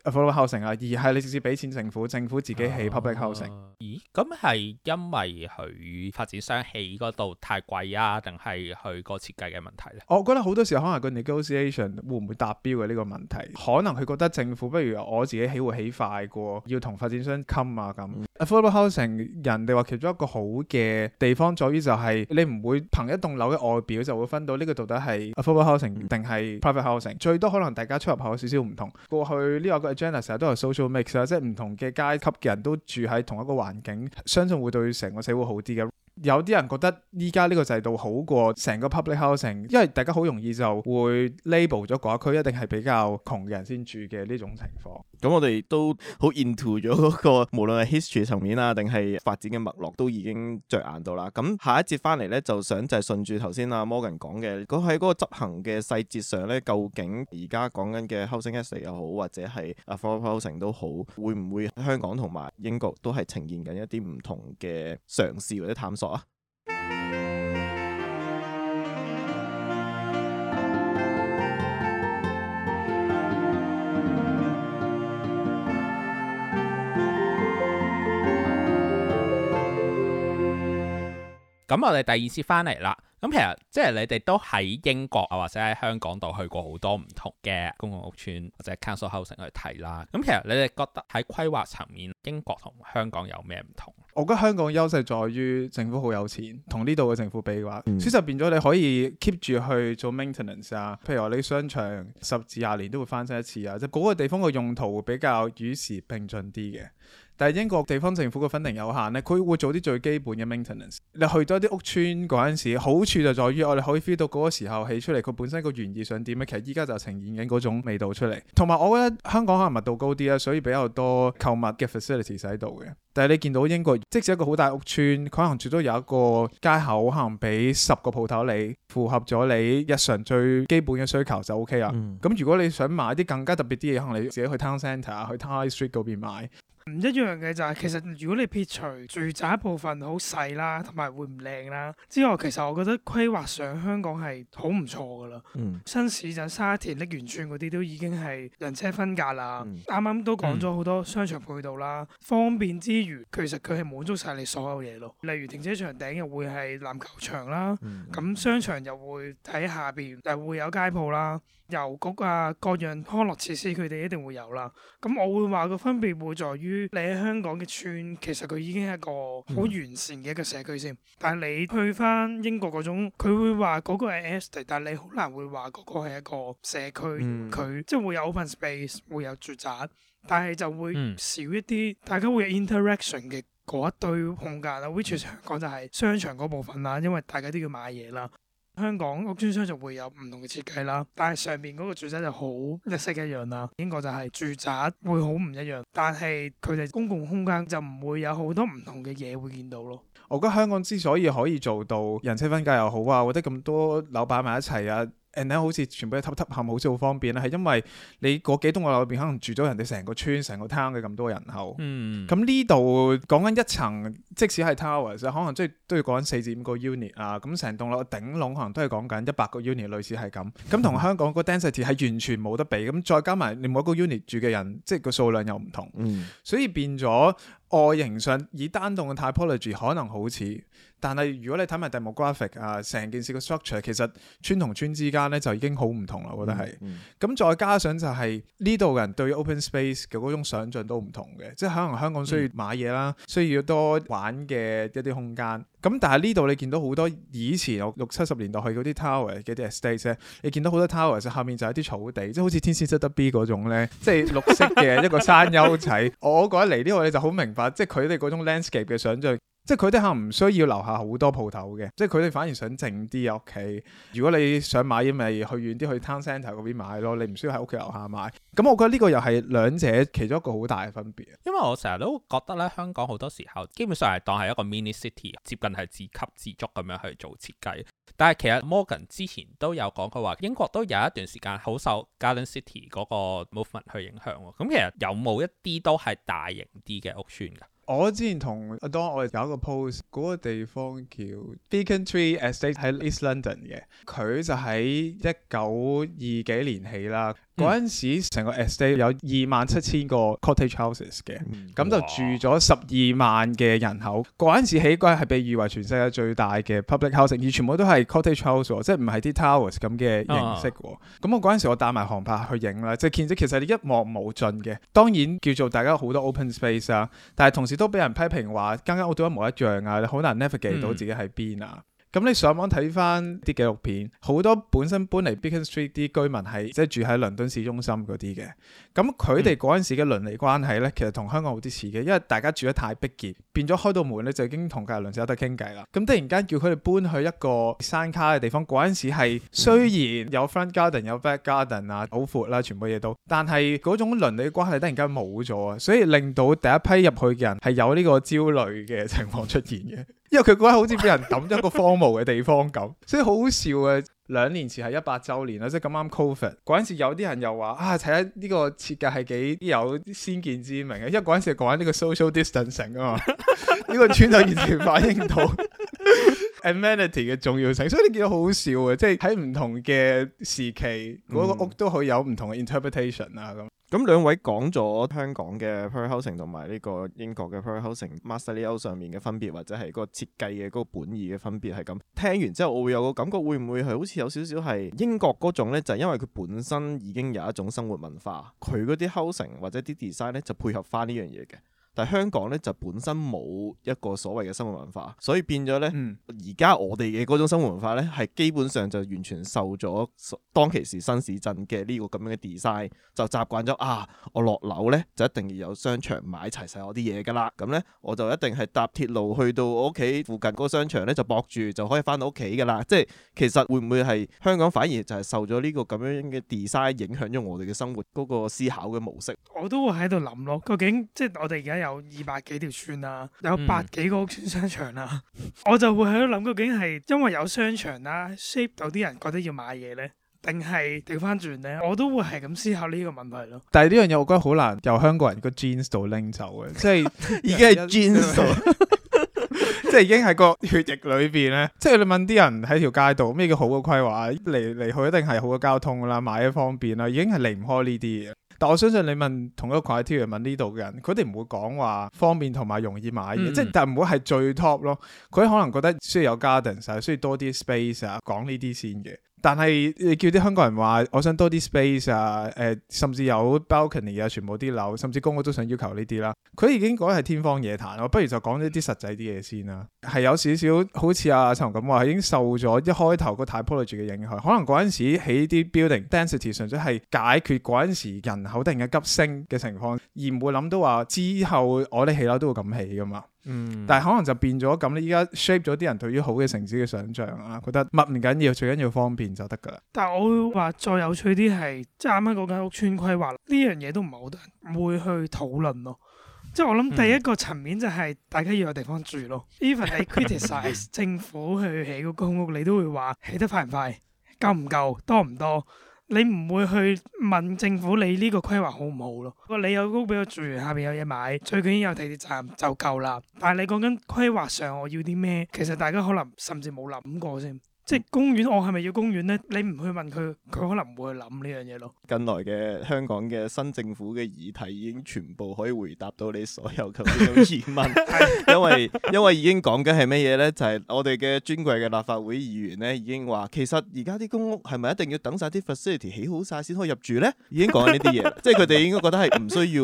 Affordable housing 啊，而係你直接俾錢政府，政府自己起 public housing。咦？咁係因為佢發展商起嗰度太貴啊，定係佢個設計嘅問題咧？我覺得好多時候可能個 negotiation 會唔會達標嘅呢個問題，可能佢覺得政府不如我自己起會起快過，要同發展商 com 啊咁。Affordable housing，人哋話其中一個好嘅地方在於就係你唔會憑一棟樓嘅外表就會分到呢個到底係 affordable housing 定係 private housing。最多可能大家出入口少少唔同。過去呢個 Jenna 成日都係 social mix 啊，即係唔同嘅階級嘅人都住喺同一個環境，相信會對成個社會好啲嘅。有啲人覺得依家呢個制度好過成個 public housing，因為大家好容易就會 label 咗嗰一區一定係比較窮嘅人先住嘅呢種情況。咁我哋都好 into 咗嗰個，無論係 history 層面啊，定係發展嘅脈絡，都已經着眼到啦。咁下一節翻嚟咧，就想就係順住頭先阿 Morgan 講嘅，講喺嗰個執行嘅細節上咧，究竟而家講緊嘅 housing estate 又好，或者係啊 affordable housing 都好，會唔會香港同埋英國都係呈現緊一啲唔同嘅嘗試或者探索啊？ 咁我哋第二次翻嚟啦，咁其實即係你哋都喺英國啊，或者喺香港度去過好多唔同嘅公共屋邨或者 Council Housing 去睇啦。咁其實你哋覺得喺規劃層面，英國同香港有咩唔同？我覺得香港優勢在於政府好有錢，同呢度嘅政府比嘅話，嗯、所以就變咗你可以 keep 住去做 maintenance 啊。譬如話你商場十至廿年都會翻新一次啊，即係嗰個地方嘅用途會比較與時並進啲嘅。但係英國地方政府嘅分定有限咧，佢會做啲最基本嘅 maintenance。你去多啲屋邨嗰陣時，好處就在於我哋可以 feel 到嗰個時候起出嚟佢本身個原意想點咧。其實依家就呈現緊嗰種味道出嚟。同埋我覺得香港可能密度高啲啦，所以比較多購物嘅 facilities 使喺度嘅。但係你見到英國，即使一個好大屋邨，佢可能最多有一個街口，可能俾十個鋪頭你符合咗你日常最基本嘅需求就 OK 啊。咁、嗯、如果你想買啲更加特別啲嘢，可能你自己去 town centre 啊，去 high street 嗰邊買。唔一樣嘅就係，其實如果你撇除住宅部分好細啦，同埋會唔靚啦，之外，其實我覺得規劃上香港係好唔錯噶啦。嗯、新市鎮沙田、瀝源邨，啲都已經係人車分隔啦。啱啱，嗯、都講咗好多商場配套啦，嗯、方便之餘其實佢係滿足晒你所有嘢咯。例如停車場頂又會係籃球場啦，咁、嗯、商場又會睇下邊又會有街鋪啦、郵局啊、各樣康樂設施佢哋一定會有啦。咁我會話個分別會在於。你喺香港嘅村，其實佢已經係一個好完善嘅一個社區先。但係你去翻英國嗰種，佢會話嗰個係 estate，但係你好難會話嗰個係一個社區。佢即係會有 open space，會有住宅，但係就會少一啲、嗯、大家會有 interaction 嘅嗰一堆空間啦。嗯、which is 香港就係商場嗰部分啦，因為大家都要買嘢啦。香港屋邨商就會有唔同嘅設計啦，但係上邊嗰個住宅就好一式一樣啦。英國就係住宅會好唔一樣，但係佢哋公共空間就唔會有好多唔同嘅嘢會見到咯。我覺得香港之所以可以做到人車分隔又好啊，或者咁多樓擺埋一齊啊。And 咧好似全部一揼揼冚，好似好方便咧，係因為你嗰幾棟樓入邊可能住咗人哋成個村、成個 town 嘅咁多人口。咁呢度講緊一層，即使係 towers，可能即係都要講四至五個 unit 啊。咁成棟樓頂籠可能都係講緊一百個 unit，類似係咁。咁同香港個 density 係完全冇得比。咁再加埋你每一個 unit 住嘅人，即係個數量又唔同。Um、所以變咗、呃、外形上，以單棟嘅 typology 可能好似。但係如果你睇埋 demographic 啊，成件事個 structure 其實村同村之間咧就已經好唔同啦，我覺得係。咁、啊嗯、再加上就係呢度人對 open space 嘅嗰種想像都唔同嘅，即係可能香港需要買嘢啦，嗯、需要多玩嘅一啲空間。咁但係呢度你見到好多以前六七十年代去嗰啲 tower 嘅啲 estate 咧，你見到好多 tower 下面就係啲草地，即係好似天線得得 B 嗰種咧， 即係綠色嘅一個山丘仔。 我覺得嚟呢度，你就好明白，即係佢哋嗰種 landscape 嘅想像。即係佢哋可能唔需要樓下好多鋪頭嘅，即係佢哋反而想靜啲喺屋企。如果你想買嘢，咪去遠啲去 town centre 嗰邊買咯。你唔需要喺屋企樓下買。咁我覺得呢個又係兩者其中一個好大嘅分別。因為我成日都覺得咧，香港好多時候基本上係當係一個 mini city，接近係自給自足咁樣去做設計。但係其實 Morgan 之前都有講過話，英國都有一段時間好受 garden city 嗰個 movement 去影響。咁其實有冇一啲都係大型啲嘅屋邨㗎？我之前同阿 Don 我哋有一個 post，個地方叫 Beacon Tree Estate 喺 East London 嘅，佢就喺一九二幾年起啦，陣、嗯、時成個 estate 有二萬七千個 cottage houses 嘅，咁、嗯、就住咗十二萬嘅人口。陣哇時起嗰陣係被譽為全世界最大嘅 public housing，而全部都係 cottage houses，即係唔係啲 towers 咁嘅形式喎。咁、啊、我陣時我帶埋航拍去影啦，即係見到其實你一望無盡嘅，當然叫做大家好多 open space 啊，但係同時。亦都俾人批評話，間間屋都一模一樣啊，你好難 navigate 到自己喺邊啊。嗯咁你上網睇翻啲紀錄片，好多本身搬嚟 Becontree 啲居民係即係住喺倫敦市中心嗰啲嘅，咁佢哋嗰陣時嘅鄰里關係咧，其實同香港好啲似嘅，因為大家住得太逼傑，變咗開到門咧就已經同隔離鄰舍有得傾偈啦。咁突然間叫佢哋搬去一個山卡嘅地方，嗰陣時係雖然有 front garden 有 back garden 啊，好闊啦，全部嘢都，但係嗰種鄰里關係突然間冇咗啊，所以令到第一批入去嘅人係有呢個焦慮嘅情況出現嘅。 因為佢嗰陣好似俾人抌咗一個荒蕪嘅地方咁，所以好好笑嘅。兩年前係一百周年啦，即係咁啱 Covid 嗰陣時，有啲人又話啊，睇下呢個設計係幾有先見之明嘅。因為嗰陣時講緊呢個 social distancing 啊嘛，呢 個村就完全反映到 amenity 嘅重要性，所以你見到好好笑嘅，即係喺唔同嘅時期嗰、嗯、個屋都好有唔同嘅 interpretation 啊咁。咁兩位講咗香港嘅 per housing 同埋呢個英國嘅 per housing material 上面嘅分別，或者係個設計嘅嗰、嗰個本意嘅分別係咁。聽完之後，我會有個感覺會會，會唔會係好似有少少係英國嗰種咧？就係、係、因為佢本身已經有一種生活文化，佢嗰啲 housing 或者啲 design 咧就配合翻呢樣嘢嘅。但香港咧就本身冇一個所謂嘅生活文化，所以變咗咧，而家、嗯、我哋嘅嗰種生活文化咧係基本上就完全受咗當其時新市鎮嘅呢個咁樣嘅 design，就習慣咗啊！我落樓咧就一定要有商場買齊曬我啲嘢噶啦，咁咧我就一定係搭鐵路去到我屋企附近個商場咧就博住就可以翻到屋企噶啦。即係其實會唔會係香港反而就係受咗呢個咁樣嘅 design 影響咗我哋嘅生活嗰個思考嘅模式？我都會喺度諗咯，究竟即係我哋而家。有二百幾條村啦，啊，有百幾個屋村商場啦，啊， 我就會喺度諗，究竟係因為有商場啦，啊，shape 到啲人覺得要買嘢呢？定係調翻轉呢？我都會係咁思考呢個問題咯。但係呢樣嘢，我覺得好難由香港人個 genes 度拎走嘅，即係已經係 genes 度， 即係已經喺個血液裏邊呢。 即係你問啲人喺條街道咩叫好嘅規劃？嚟嚟去，一定係好嘅交通啦，買嘢方便啦，已經係離唔開呢啲嘢。但我相信你問同一個 criteria 問呢度嘅人，佢哋唔會講話方便同埋容易買嘢，即係、嗯嗯、但唔會係最 top 咯。佢可能覺得需要有 garden 啊，需要多啲 space 啊，講呢啲先嘅。但係你叫啲香港人話，我想多啲 space 啊，誒、呃，甚至有 balcony 啊，全部啲樓，甚至公屋都想要求呢啲啦。佢已經講係天方夜譚咯，不如就講呢啲實際啲嘢先啦。係有少少好似阿陳咁話，已經受咗一開頭個 typology 嘅影響，可能嗰陣時起啲 building density 純粹係解決嗰陣時人口突然間急升嘅情況，而唔會諗到話之後我哋起樓都會咁起噶嘛。嗯，但係可能就變咗咁咧，依家 shape 咗啲人對於好嘅城市嘅想象啦，覺得密唔緊要，最緊要方便就得噶啦。但係我會話再有趣啲係，即係啱啱嗰間屋村規劃呢樣嘢都唔係好多人會去討論咯。即係我諗第一個層面就係大家要有地方住咯。嗯、even 係 criticize 政府去起嗰公屋，你都會話起得快唔快、夠唔夠、多唔多。你唔會去問政府你呢個規劃好唔好咯？個你有屋俾我住，下面有嘢買，最緊要有地鐵站就夠啦。但係你講緊規劃上，我要啲咩？其實大家可能甚至冇諗過先。即係公園，我係咪要公園咧？你唔去問佢，佢可能唔會諗呢樣嘢咯。近來嘅香港嘅新政府嘅議題已經全部可以回答到你所有嘅呢種疑問， 因為因為已經講緊係咩嘢咧？就係、是、我哋嘅尊貴嘅立法會議員咧，已經話其實而家啲公屋係咪一定要等晒啲 facility 起好晒先可以入住咧？已經講緊呢啲嘢， 即係佢哋應該覺得係唔需要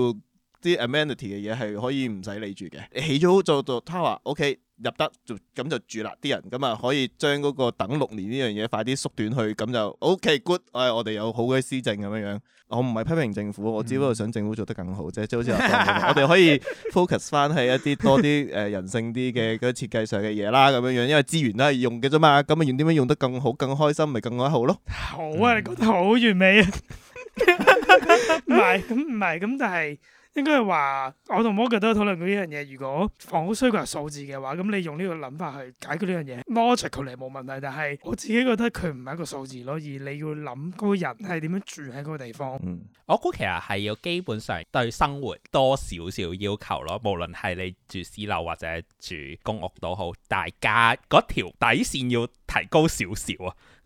啲 amenity 嘅嘢係可以唔使你住嘅。起咗好就就，他話 OK。入得就咁就住啦，啲人咁啊，可以將嗰個等六年呢樣嘢快啲縮短去，咁就 OK good，唉我哋有好嘅施政咁樣樣。我唔係批評政府，我只不過想政府做得更好啫，即係好似我哋可以 focus 翻係一啲多啲誒人性啲嘅嗰設計上嘅嘢啦，咁樣樣，因為資源都係用嘅啫嘛，咁啊，用點樣用得更好、更開心咪更加好囉。好啊，你講得好完美啊，唔係咁，唔係咁，就係。應該係話，我同 Morgan 都有討論過呢樣嘢。如果房屋需求係數字嘅話，咁你用呢個諗法去解決呢樣嘢，邏輯嚟，冇問題。但係我自己覺得佢唔係一個數字咯，而你要諗嗰個人係點樣住喺嗰個地方，嗯。我估其實係要基本上對生活多少少要求咯，無論係你住私樓或者住公屋都好，大家嗰條底綫要提高少少啊。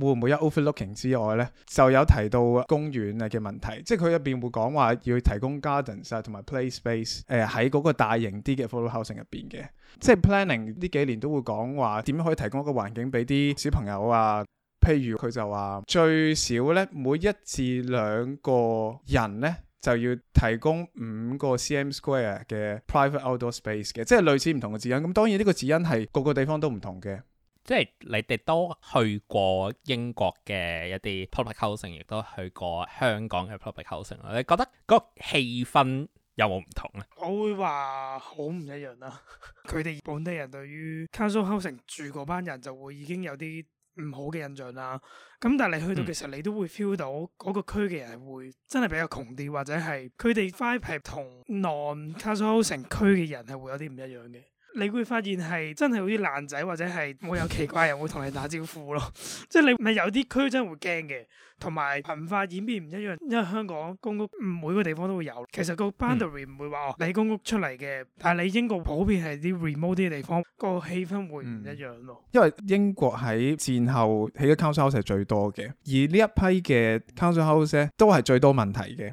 會唔會有 overlooking 之外呢？就有提到公園啊嘅問題，即係佢入邊會講話要提供 gardens 啊同埋 play space，誒喺嗰個大型啲嘅 full housing 入邊嘅，即係 planning 呢幾年都會講話點樣可以提供一個環境俾啲小朋友啊，譬如佢就話最少呢每一至兩個人呢，就要提供五個 cm square 嘅 private outdoor space 嘅，即係類似唔同嘅指引。咁、嗯、當然呢個指引係個個地方都唔同嘅。即係你哋都去過英國嘅一啲 public housing，亦都去過香港嘅 public housing，你覺得個氣氛有冇唔同咧？我會話好唔一樣啦、啊。佢 哋本地人對於 council housing 住嗰班人就會已經有啲唔好嘅印象啦、啊。咁但係你去到其實你都會 feel 到嗰個區嘅人係會真係比較窮啲，嗯、或者係佢哋 vibe 係同 non council housing 區嘅人係會有啲唔一樣嘅。你會發現係真係好似爛仔或者係冇有奇怪人會同你打招呼咯， 即係你咪有啲區真會驚嘅，同埋文化演變唔一樣。因為香港公屋每個地方都會有，其實個 boundary 唔、嗯、會話哦，你公屋出嚟嘅，但係你英國普遍係啲 remote 啲嘅地方，這個氣氛會唔一樣咯。因為英國喺戰後起咗 Council House 係最多嘅，而呢一批嘅 Council House 都係最多問題嘅，而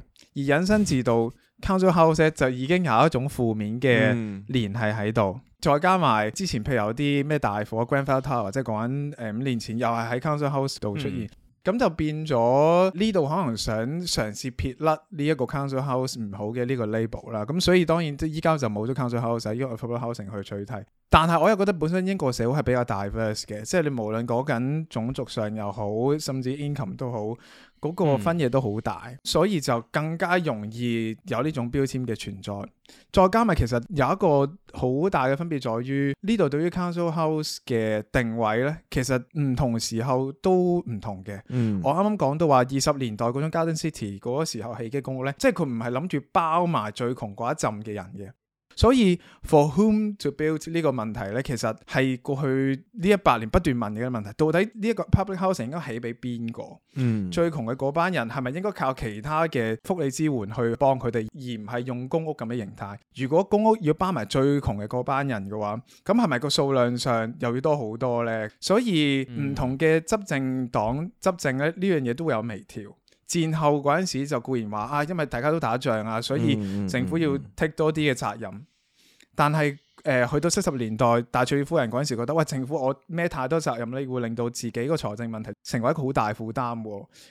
引申至到 Council House 就已經有一種負面嘅聯繫喺度。嗯 再加埋之前，譬如有啲咩大火 Grenfell Tower，或者講緊誒五年前又係喺 Council House 度出現，咁、嗯、就變咗呢度可能想嘗試撇甩呢一個 Council House 唔好嘅呢個 label 啦。咁所以當然即依家就冇咗 Council House，使 Universal Housing 去取替。但係我又覺得本身英國社會係比較 diverse 嘅，即係你無論講緊種族上又好，甚至 income 都好。嗰、嗯、個分野都好大，所以就更加容易有呢種標籤嘅存在。再加埋其實有一個好大嘅分別，在於呢度對於 Council House 嘅定位咧，其實唔同時候都唔同嘅。嗯，我啱啱講到話二十年代嗰種 Garden City 嗰個時候起嘅公屋咧，即係佢唔係諗住包埋最窮嗰一陣嘅人嘅。所以 for whom to build 呢個問題咧，其實係過去呢一百年不斷問嘅問題。到底呢一個 public housing 應該起俾邊個？嗯，最窮嘅嗰班人係咪應該靠其他嘅福利支援去幫佢哋，而唔係用公屋咁嘅形態？如果公屋要包埋最窮嘅嗰班人嘅話，咁係咪個數量上又要多好多咧？所以唔同嘅執政黨執政咧，呢樣嘢都會有微調。戰後嗰陣時就固然話啊，因為大家都打仗啊，所以政府要 take 多啲嘅責任，但係……誒、呃、去到七十年代，戴卓爾夫人嗰陣時覺得，喂，政府我孭太多責任咧，會令到自己個財政問題成為一個好大負擔。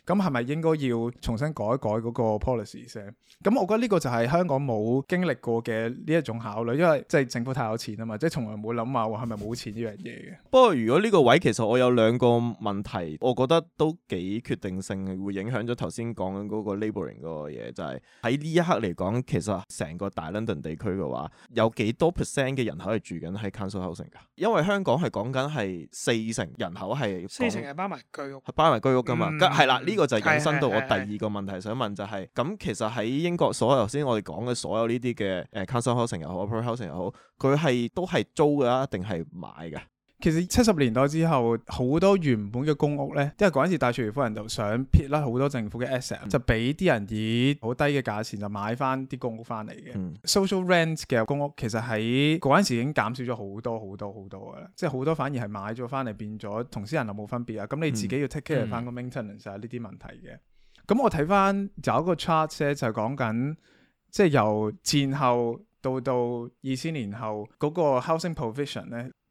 咁係咪應該要重新改一改嗰個 policy 先？咁、嗯、我覺得呢個就係香港冇經歷過嘅呢一種考慮，因為即係、就是、政府太有錢啊嘛，即係從來冇諗話話係咪冇錢呢樣嘢嘅。不過如果呢個位其實我有兩個問題，我覺得都幾決定性，會影響咗頭先講緊嗰個 labouring 嗰個嘢，就係喺呢一刻嚟講其實成個大 London 地區嘅話有幾多 percent 嘅？人口係住緊喺 Council Housing 㗎，因為香港係講緊係四成人口係四成係包埋居屋，係包埋居屋㗎嘛。係啦、嗯、呢、這個就引申到我第二個問題想問就係、是、咁、嗯、其實喺英國所有頭先我哋講嘅所有呢啲嘅誒 Council Housing 又好 Affordable Housing 又好，佢係都係租嘅定係買㗎？其實七十年代之後，好多原本嘅公屋咧，因為嗰陣時戴卓爾夫人就想撇甩好多政府嘅 a s、嗯、s e t 就俾啲人以好低嘅價錢就買翻啲公屋翻嚟嘅。嗯、social rent 嘅公屋其實喺嗰陣時已經減少咗好多好多好多嘅，即係好多反而係買咗翻嚟變咗同私人又冇分別啊。咁、嗯嗯、你自己要 take care 翻個 maintenance 啊、嗯，呢啲問題嘅。咁、嗯嗯、我睇翻有一個 chart 咧，就講緊即係由戰後到到二千年後嗰、那個 housing provision 咧。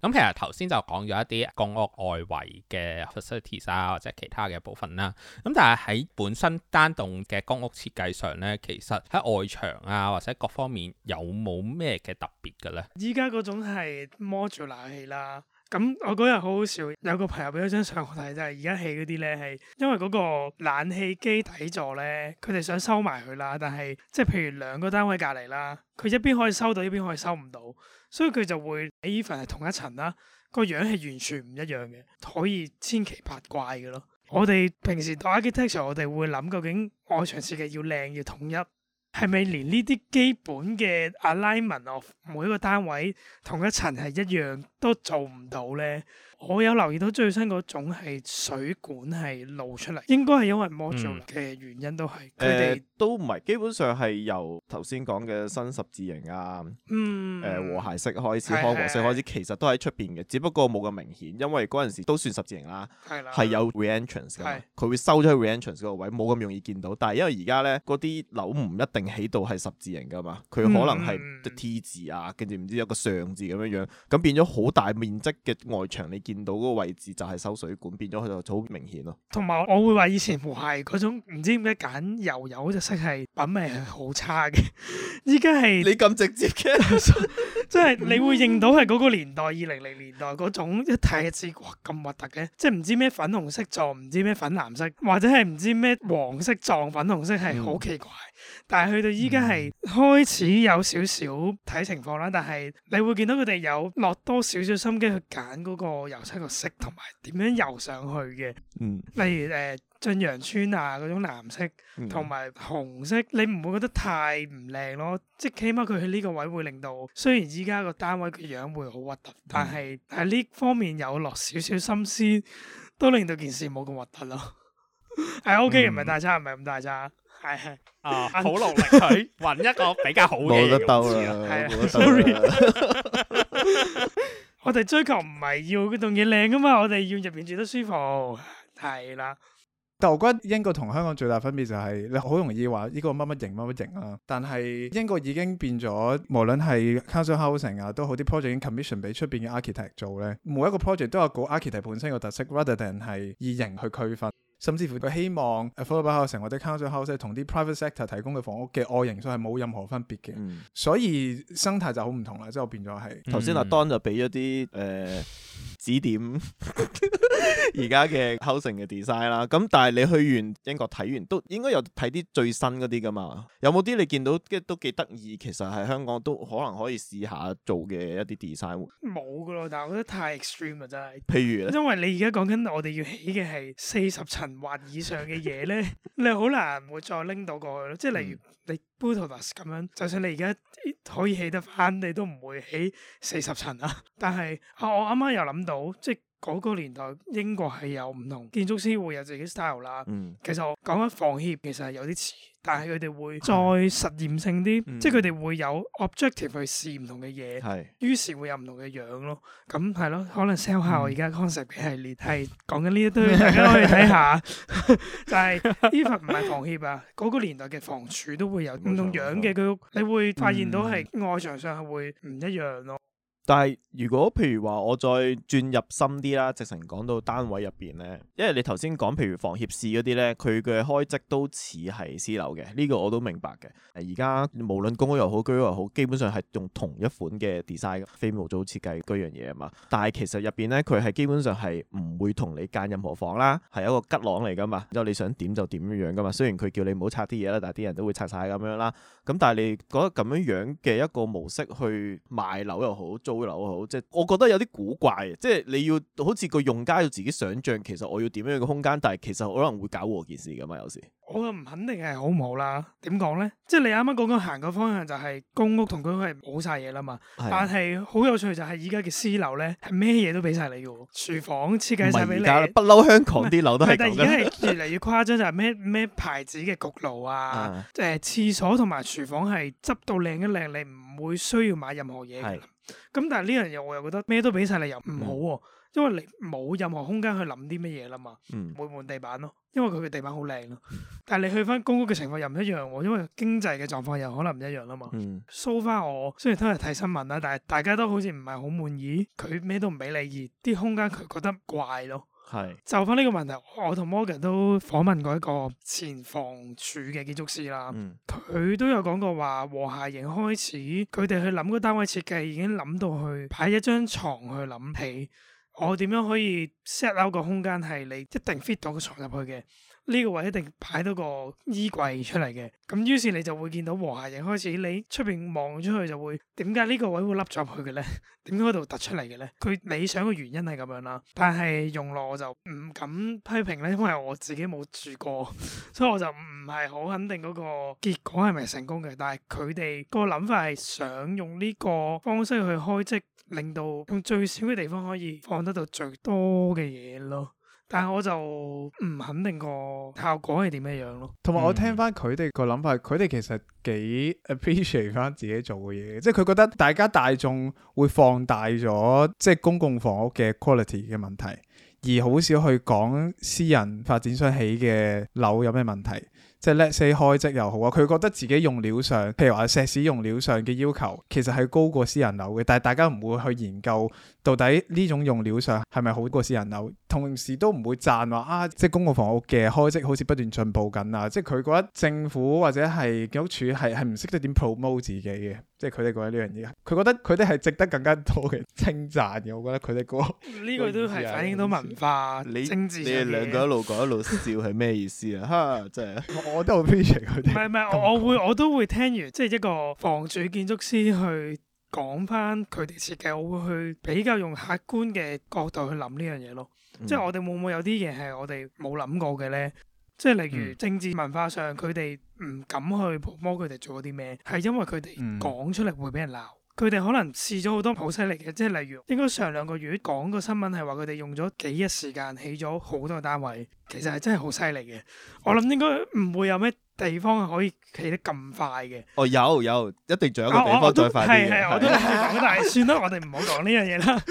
咁其實頭先就講咗一啲公屋外圍嘅 facilities 啊，或者其他嘅部分啦、啊。咁但係喺本身單棟嘅公屋設計上呢，其實喺外牆啊，或者各方面有冇咩嘅特別嘅呢？依家嗰種係 module 啦。咁我嗰日好好笑，有個朋友俾咗張相我睇，就係而家起嗰啲咧，係因為嗰個冷氣機底座咧，佢哋想收埋佢啦，但係即係譬如兩個單位隔籬啦，佢一邊可以收到，一邊可以收唔到，所以佢就會呢一份係同一層啦，個樣係完全唔一樣嘅，可以千奇百怪嘅咯。嗯、我哋平時做 architecture，我哋會諗究竟外牆設計要靚要統一。係咪連呢啲基本嘅 alignment of 每一個單位同一層係一樣都做唔到咧？我有留意到最新嗰種係水管係露出嚟，應該係因為 module 嘅原因都係。佢哋，誒都唔係，基本上係由頭先講嘅新十字形啊，嗯，誒和諧式開始，康和式開始，其實都喺出邊嘅，只不過冇咁明顯，因為嗰陣時都算十字形啦，係啦，係有 re entrance 嘅，佢會收咗去 re entrance 嗰個位，冇咁容易見到。但係因為而家咧，嗰啲樓唔一定起到係十字形噶嘛，佢可能係 T 字啊，跟住唔知有個上字咁樣樣，咁變咗好大面積嘅外牆。你。見到嗰個位置就係收水管，變咗佢就好明顯咯。同埋我，我會話以前係嗰種唔知點解揀油油嗰隻色係品味係好差嘅。依家係你咁直接嘅，即 係 你會認到係嗰個年代二零零年代嗰種一睇一知哇咁核突嘅，即係唔知咩粉紅色撞唔知咩粉藍色，或者係唔知咩黃色撞粉紅色係好奇怪。嗯、但係去到依家係開始有少少睇情況啦，嗯、但係你會見到佢哋有落多少少心機去揀嗰、嗰個。油漆個色同埋點樣油上去嘅，例如誒，晉陽村啊嗰種藍色同埋紅色，你唔會覺得太唔靚咯？即起碼佢喺呢個位會令到，雖然依家個單位嘅樣會好核突，但係喺呢方面有落少少心思，都令到件事冇咁核突咯。係 O K，唔係大差，唔係咁大差，係係啊，好努力佢，揾一個比較好嘅，冇得鬥啦，sorry。 我哋追求唔係要嗰棟嘢靚啊嘛，我哋要入邊住得舒服。係啦，但我覺得英國同香港最大分別就係、是、你好容易話呢個乜乜型乜乜型啦、啊。但係英國已經變咗，無論係 council housing 啊，都好啲 project commission 俾出邊嘅 architect 做咧，每一個 project 都有個 architect 本身個特色，rather than 係以型去區分。甚至乎佢希望誒 affordable housing 或者 council housing 同啲 private sector 提供嘅房屋嘅外形上係冇任何分別嘅，所以生態就好唔同啦。之後變咗係頭先阿 Don 就俾咗啲誒指點，而家嘅 housing 嘅 design 啦。咁但係你去完英國睇完，都應該有睇啲最新啲噶嘛？有冇啲你見到即都幾得意？其實係香港都可能可以試下做嘅一啲 design 冇噶咯，但係我覺得太 extreme 啊！真係，譬如咧，因為你而家講緊我哋要起嘅係四十層層或以上嘅嘢呢， 你好難會再拎到過去咯。即係例如，嗯、你 Brutalist 咁樣，就算你而家可以起得翻，你都唔會起四十層啦。但係， 啊、我啱啱又諗到，即係。嗰個年代英國係有唔同建築師會有自己 style 啦。其實我講緊房協其實係有啲似，但係佢哋會再實驗性啲，即係佢哋會有 objective 去試唔同嘅嘢。係，於是會有唔同嘅樣咯。咁係咯，可能 sell 下我而家 concept 嘅系列，係講緊呢一堆，大家可以睇下。但係呢份唔係房協啊，嗰個年代嘅房署都會有唔同樣嘅，佢你會發現到係外牆上係會唔一樣咯。但係如果譬如話我再轉入深啲啦，直情講到單位入邊咧，因為你頭先講譬如房協市嗰啲咧，佢嘅開積都似係私樓嘅，呢個我都明白嘅。而家無論公屋又好居屋又好，基本上係用同一款嘅 design，非模組設計嗰樣嘢啊嘛。但係其實入邊咧，佢係基本上係唔會同你間任何房啦，係一個吉朗嚟㗎嘛，就你想點就點樣樣㗎嘛。雖然佢叫你唔好拆啲嘢啦，但係啲人都會拆晒咁樣啦。咁但係你覺得咁樣樣嘅一個模式去賣樓又好做？樓好即係，我覺得有啲古怪。即係你要好似個用家要自己想象，其實我要點樣嘅空間，但係其實可能會搞和件事咁嘛。有時我又唔肯定係好唔好啦。點講咧？即係你啱啱講緊行個方向就係公屋同居屋係冇晒嘢啦嘛。是啊，但係好有趣就係而家嘅私樓咧，係咩嘢都俾晒你嘅。廚房設計晒俾你，你不嬲你香港啲樓都係。但而家係越嚟越誇張， 就係咩咩牌子嘅焗爐啊，即係廁所同埋廚房係執到靚一靚，你唔會需要買任何嘢。咁但係呢樣嘢，我又覺得咩都俾晒你又唔好喎，因為你冇任何空間去諗啲乜嘢啦嘛，唔會換地板咯、啊，因為佢嘅地板好靚咯。但係你去翻公屋嘅情況又唔一樣喎、啊，因為經濟嘅狀況又可能唔一樣啦、啊、嘛。蘇翻、嗯 so、我雖然都係睇新聞啦、啊，但係大家都好似唔係好滿意，佢咩都唔俾你，而啲空間佢覺得怪咯。係是就返呢個問題，我同 Morgan 都訪問過一個前房署嘅建築師啦，佢、嗯、都有講過話和諧型開始，佢哋去諗個單位設計，已經諗到去擺一張床去諗起，我點樣可以 set out 個空間係你一定 fit 到個床入去嘅。呢個位一定擺到個衣櫃出嚟嘅，咁於是你就會見到和諧型開始，你出邊望出去就會點解呢個位會凹咗入去嘅咧？點解度突出嚟嘅咧？佢理想嘅原因係咁樣啦，但係用落我就唔敢批評咧，因為我自己冇住過， 所以我就唔係好肯定嗰個結果係咪成功嘅。但係佢哋個諗法係想用呢個方式去開即令到用最少嘅地方可以放得到最多嘅嘢咯。但係我就唔肯定個效果係點樣樣咯。同埋我聽翻佢哋個諗法，佢哋、嗯、其實幾 appreciate 翻自己做嘅嘢，即係佢覺得大家大眾會放大咗即係公共房屋嘅 quality 嘅問題，而好少去講私人發展商起嘅樓有咩問題。即係 let's say 開質又好啊，佢覺得自己用料上，譬如話石屎用料上嘅要求，其實係高過私人樓嘅，但係大家唔會去研究到底呢種用料上係咪好過私人樓，同時都唔會讚話啊，即係公共房屋嘅開質好似不斷進步緊啊，即係佢覺得政府或者係居屋署係係唔識得點 promote 自己嘅。即係佢哋覺得呢樣嘢，佢覺得佢哋係值得更加多嘅稱讚嘅。我覺得佢哋個呢 個都係反映到文化、 你政治你哋兩個一路講一路笑係咩意思啊？嚇！真係，我覺得好非常。佢哋唔係唔係，我會我都會聽完，即係一個房主建築師去講翻佢哋設計，我會去比較用客觀嘅角度去諗呢樣嘢咯。嗯、即係我哋會唔會有啲嘢係我哋冇諗過嘅咧？即係例如政治文化上，佢哋唔敢去 promote 佢哋做咗啲咩，係因為佢哋講出嚟會俾人鬧。佢哋可能試咗好多好犀利嘅，即係例如應該上兩個月講個新聞係話佢哋用咗幾日時間起咗好多單位，其實係真係好犀利嘅。我諗應該唔會有咩。地方可以起得咁快嘅，哦有有，一定仲有一個地方、啊、再快啲。係係，我都係講， 但係算啦，我哋唔好講呢樣嘢啦。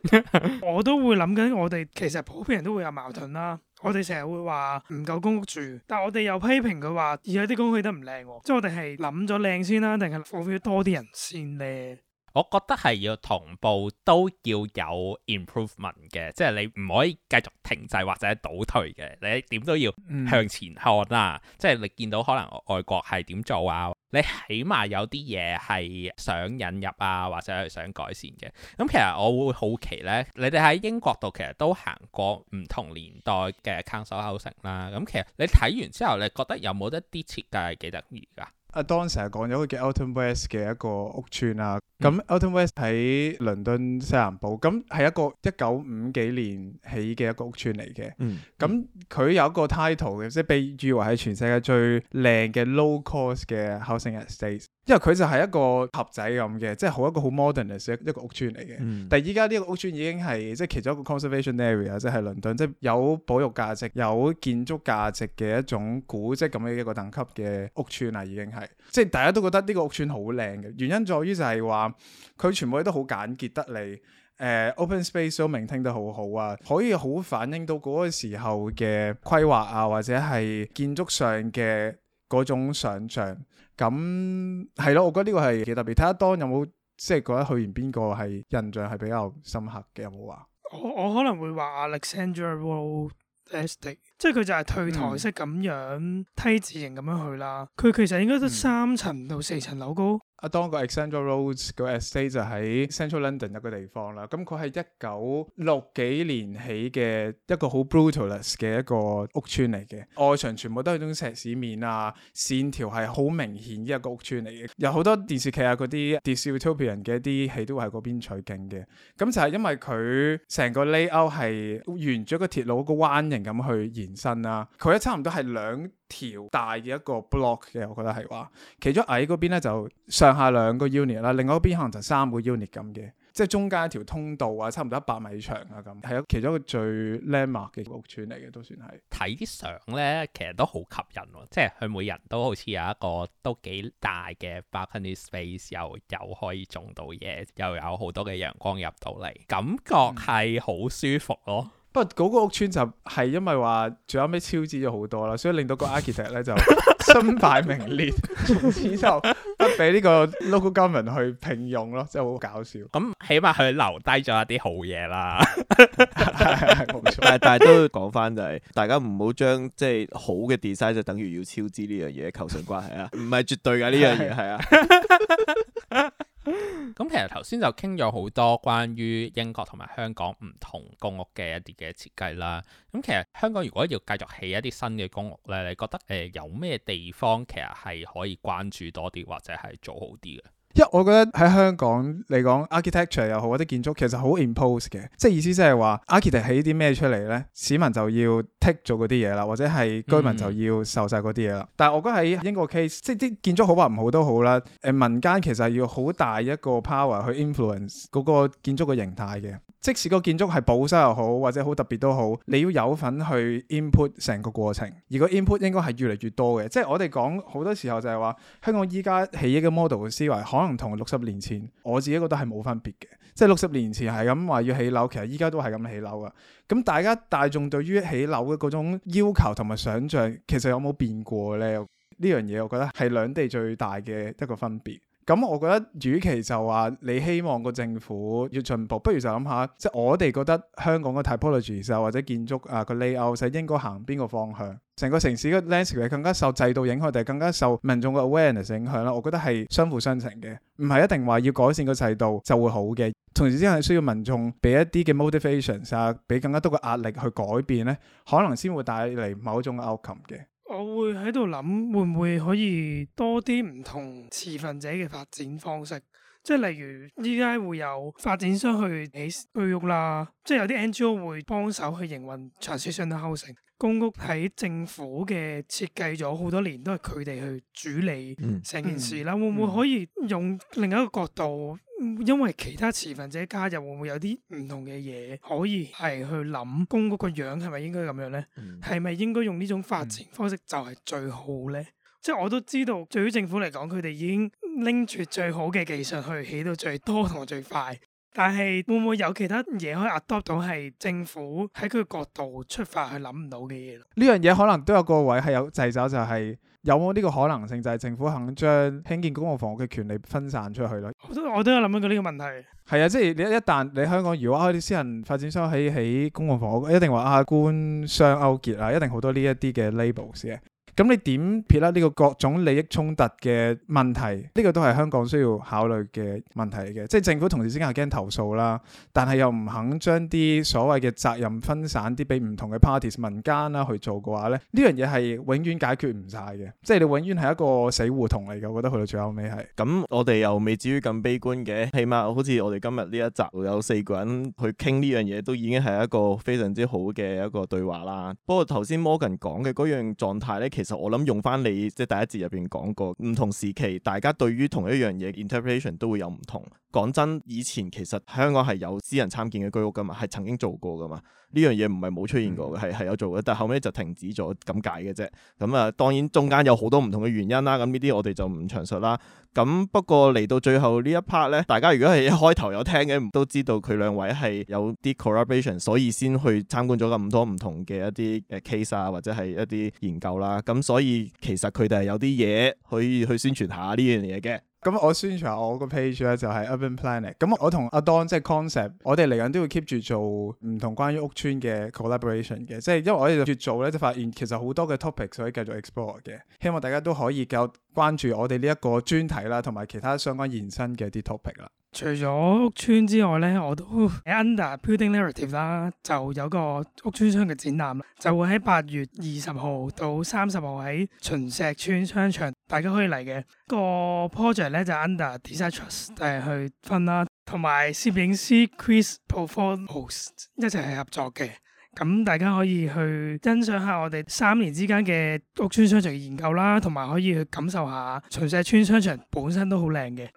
我都會諗緊，我哋其實普遍人都會有矛盾啦。我哋成日會話唔夠公屋住，但係我哋又批評佢話而家啲公屋起得唔靚，即係我哋係諗咗靚先啦、啊，定係方便多啲人先咧？我覺得係要同步都要有 improvement 嘅，即係你唔可以繼續停滯或者倒退嘅，你點都要向前看啦、啊。嗯、即係你見到可能外國係點做啊，你起碼有啲嘢係想引入啊，或者係想改善嘅。咁、嗯、其實我會好奇呢，你哋喺英國度其實都行過唔同年代嘅 council housing 啦。咁、嗯、其實你睇完之後，你覺得有冇一啲設計係幾得意噶？阿當成日講咗個叫 Alton West 嘅一個屋村啊，咁 Al、嗯、ton West 喺倫敦西南部，咁係一個一九五幾年起嘅一個屋村嚟嘅，咁佢、嗯、有一個 title 嘅，即係被譽為係全世界最靚嘅 low cost 嘅 housing estate。因為佢就係一個盒仔咁嘅，即係好一個好 modernist 一個屋村嚟嘅。嗯、但係依家呢個屋村已經係即係其中一個 conservation area，即係倫敦即係有保育價值、有建築價值嘅一種古蹟咁嘅一個等級嘅屋村啦。已經係即係大家都覺得呢個屋村好靚嘅原因在於就，在於就係話佢全部都好簡潔得嚟，誒、呃、，open space 都 maintain 得好好啊，可以好反映到嗰個時候嘅規劃啊，或者係建築上嘅。嗰種想像，咁係咯，我覺得呢個係幾特別。睇下當，有冇即係覺得去完邊個係印象係比較深刻嘅有冇話？我我可能會話 Alexandra Road Estate。即係佢就係退台式咁樣、嗯、梯字型咁樣去啦。佢其實應該都三層到四層樓高。阿當個 Alexandra Road 嘅 estate 就喺 Central London 一個地方啦。咁佢係一九六幾年起嘅一個好 brutalist 嘅一個屋村嚟嘅。外牆全部都係一種石屎面啊，線條係好明顯嘅一個屋村嚟嘅。有好多電視劇啊、嗰啲 dystopian 嘅一啲戲都會喺嗰邊取景嘅。咁、嗯、就係、是、因為佢成個 layout 係沿住一個鐵路個彎形咁去延啦，佢咧差唔多係兩條大嘅一個 block 嘅。我覺得係話，其中矮嗰邊咧就上下兩個 unit 啦，另外一邊可能就三個 unit 咁嘅，即係中間一條通道啊，差唔多一百米長啊咁，係啊，其中一個最 landmark 嘅屋邨嚟嘅都算係。睇啲相咧，其實都好吸引喎、哦，即係佢每人都好似有一個都幾大嘅 balcony space，又又可以種到嘢，又有好多嘅陽光入到嚟，感覺係好舒服咯、哦。嗯不過嗰個屋邨就係因為話，最後尾超支咗好多啦，所以令到個 architect 咧就身敗名裂， 從此就不俾呢個 local government 去聘用咯，真係好搞笑。咁、嗯、起碼佢留低咗一啲好嘢啦，係係係冇錯。但係都講翻就係，大家唔好將即係好嘅 design 就等於要超支呢樣嘢構成關係啊，唔係絕對㗎呢樣嘢，係啊。 咁其實頭先就傾咗好多關於英國同埋香港唔同公屋嘅一啲嘅設計啦。咁其實香港如果要繼續起一啲新嘅公屋呢，你覺得誒、呃、有咩地方其實係可以關注多啲或者係做好啲嘅？因為我覺得喺香港嚟講 architecture 又好或者建築其實好 impose 嘅，即係意思即係話 architecture 起啲咩出嚟咧，市民就要 take 做啲嘢啦，或者係居民就要受晒啲嘢啦。嗯、但係我覺得喺英國 case，即係啲建築好或唔好都好啦，誒、呃、民間其實係要好大一個 power 去 influence 個建築嘅形態嘅，即使個建築係保守又好或者好特別都好，你要有份去 input 成個過程，而個 input 應該係越嚟越多嘅。即係我哋講好多時候就係話香港依家起一個 model 嘅思維可能。唔同六十年前，我自己覺得係冇分別嘅，即係六十年前係咁話要起樓，其實依家都係咁起樓噶。咁大家大眾對於起樓嘅嗰種要求同埋想象，其實有冇變過咧？呢樣嘢，我覺得係兩地最大嘅一個分別。咁我覺得，與其就話你希望個政府要進步，不如就諗下，即係我哋覺得香港嘅 t y p o l o g y 就或者建築啊個 layout，就應該行邊個方向？成個城市嘅 landscape 更加受制度影響，定係更加受民眾嘅 awareness 影響咧？我覺得係相輔相成嘅，唔係一定話要改善個制度就會好嘅。同時之間係需要民眾俾一啲嘅 motivations 啊，俾更加多嘅壓力去改變咧，可能先會帶嚟某種嘅 outcome 嘅。我會喺度諗會唔會可以多啲唔同持份者嘅發展方式，即係例如依家會有發展商去起居屋啦，即係有啲 NGO 會幫手去營運 transitional housing。公屋喺政府嘅設計咗好多年，都係佢哋去主理成件事啦。嗯、會唔會可以用另一個角度？因為其他持份者加入，會唔會有啲唔同嘅嘢可以係去諗公屋個樣係咪應該咁樣咧？係咪、嗯、應該用呢種發展方式就係最好咧？嗯嗯、即係我都知道，對於政府嚟講，佢哋已經拎住最好嘅技術去起到最多同埋最快。但係會唔會有其他嘢可以 adopt 到到？係政府喺佢角度出發去諗唔到嘅嘢。呢樣嘢可能都有個位係有掣肘，就係有冇呢個可能性，就係政府肯將興建公共房屋嘅權利分散出去咯。我都有諗過呢個問題。係啊，即係你一旦你香港如果開啲私人發展商喺起公共房屋，一定話啊官商勾結啊，一定好多呢一啲嘅 labels 嘅、啊。咁你點撇甩、啊、呢、這個各種利益衝突嘅問題，呢、這個都係香港需要考慮嘅問題嘅。即係政府同時之間又驚投訴啦，但係又唔肯將啲所謂嘅責任分散啲俾唔同嘅 parties、民間啦去做嘅話咧，呢樣嘢係永遠解決唔晒嘅。即係你永遠係一個死胡同嚟㗎。我覺得去到最後尾係。咁我哋又未至於咁悲觀嘅，起碼好似我哋今日呢一集有四個人去傾呢樣嘢，都已經係一個非常之好嘅一個對話啦。不過頭先 Morgan 講嘅嗰樣狀態咧，其實～其實我諗用翻你即係第一節入邊講過，唔同時期大家對於同一樣嘢 interpretation 都會有唔同。講真，以前其實香港係有私人參建嘅居屋㗎嘛，係曾經做過㗎嘛。呢樣嘢唔係冇出現過，係係、嗯、有做嘅，但係後尾就停止咗咁解嘅啫。咁啊、嗯，當然中間有好多唔同嘅原因啦。咁呢啲我哋就唔詳述啦。咁不過嚟到最後呢一 part 咧，大家如果係一開頭有聽嘅，都知道佢兩位係有啲 correlation，所以先去參觀咗咁多唔同嘅一啲誒 case 啊，或者係一啲研究啦。咁咁、嗯、所以其實佢哋係有啲嘢可以去宣傳下呢樣嘢嘅。咁我宣傳下我個 page 咧就係、是、Urban Planet。咁我同阿 Don 即係 concept，我哋嚟緊都會 keep 住做唔同關於屋邨嘅 collaboration 嘅。即係因為我哋越做咧，就係發現其實好多嘅 topic 可以繼續 explore 嘅。希望大家都可以夠關注我哋呢一個專題啦，同埋其他相關延伸嘅啲 topic 啦。除咗屋邨之外咧，我都喺 Under Building Narrative 啦，就有個屋邨商嘅展覽啦，就會喺八月二十號到三十號喺秦石邨商場，大家可以嚟嘅。這個 project 咧就 Under Design Trust 誒去分啦，同埋攝影師 Chris Perform Post 一齊係合作嘅，咁大家可以去欣賞下我哋三年之間嘅屋邨商場嘅研究啦，同埋可以去感受下秦石邨商場本身都好靚嘅。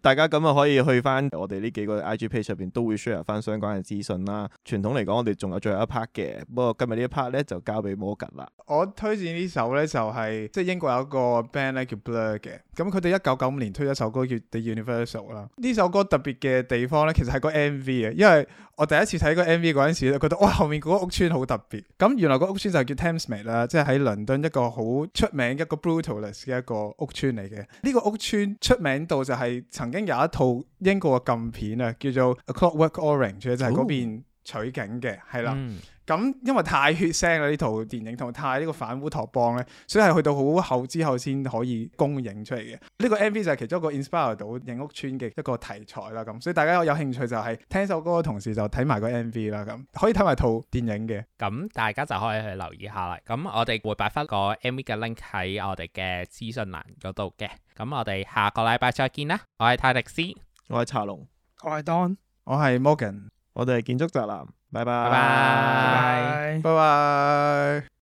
大家咁啊可以去翻我哋呢幾個 IG page 上邊都會 share 翻相關嘅資訊啦。傳統嚟講，我哋仲有最後一 part 嘅，不過今日呢一 part 咧就交俾 Morgan 啦。我推薦首呢首咧就係、是、即係英國有一個 band 咧叫 Blur 嘅，咁佢哋一九九五年推一首歌叫 The Universal 啦。呢首歌特別嘅地方咧，其實係個 MV 啊，因為我第一次睇個 MV 嗰陣時就覺得哇，後面嗰個屋村好特別。咁原來嗰屋村就叫 Thamesmead 咧，即係喺倫敦一個好出名一個 Brutalist 嘅一個屋村嚟嘅。呢、這個屋村出名到就係、是。曾經有一套英國嘅禁片啊，叫做《A Clockwork Orange》，就係嗰邊取景嘅，係啦、哦。了咁因為太血腥啦呢套電影，同埋太呢個反烏托邦咧，所以係去到好後之後先可以公映出嚟嘅。呢個 MV 就係其中一個 inspire 到影屋村嘅一個題材啦。咁所以大家有興趣就係聽首歌嘅同時就睇埋個 MV 啦。咁可以睇埋套電影嘅。咁大家就可以去留意下啦。咁我哋會擺翻個 MV 嘅 link 喺我哋嘅資訊欄嗰度嘅。咁我哋下個禮拜再見啦。我係泰迪斯，我係茶龍，我係 Don，我係 Morgan，我哋係建築宅男。拜拜拜拜拜。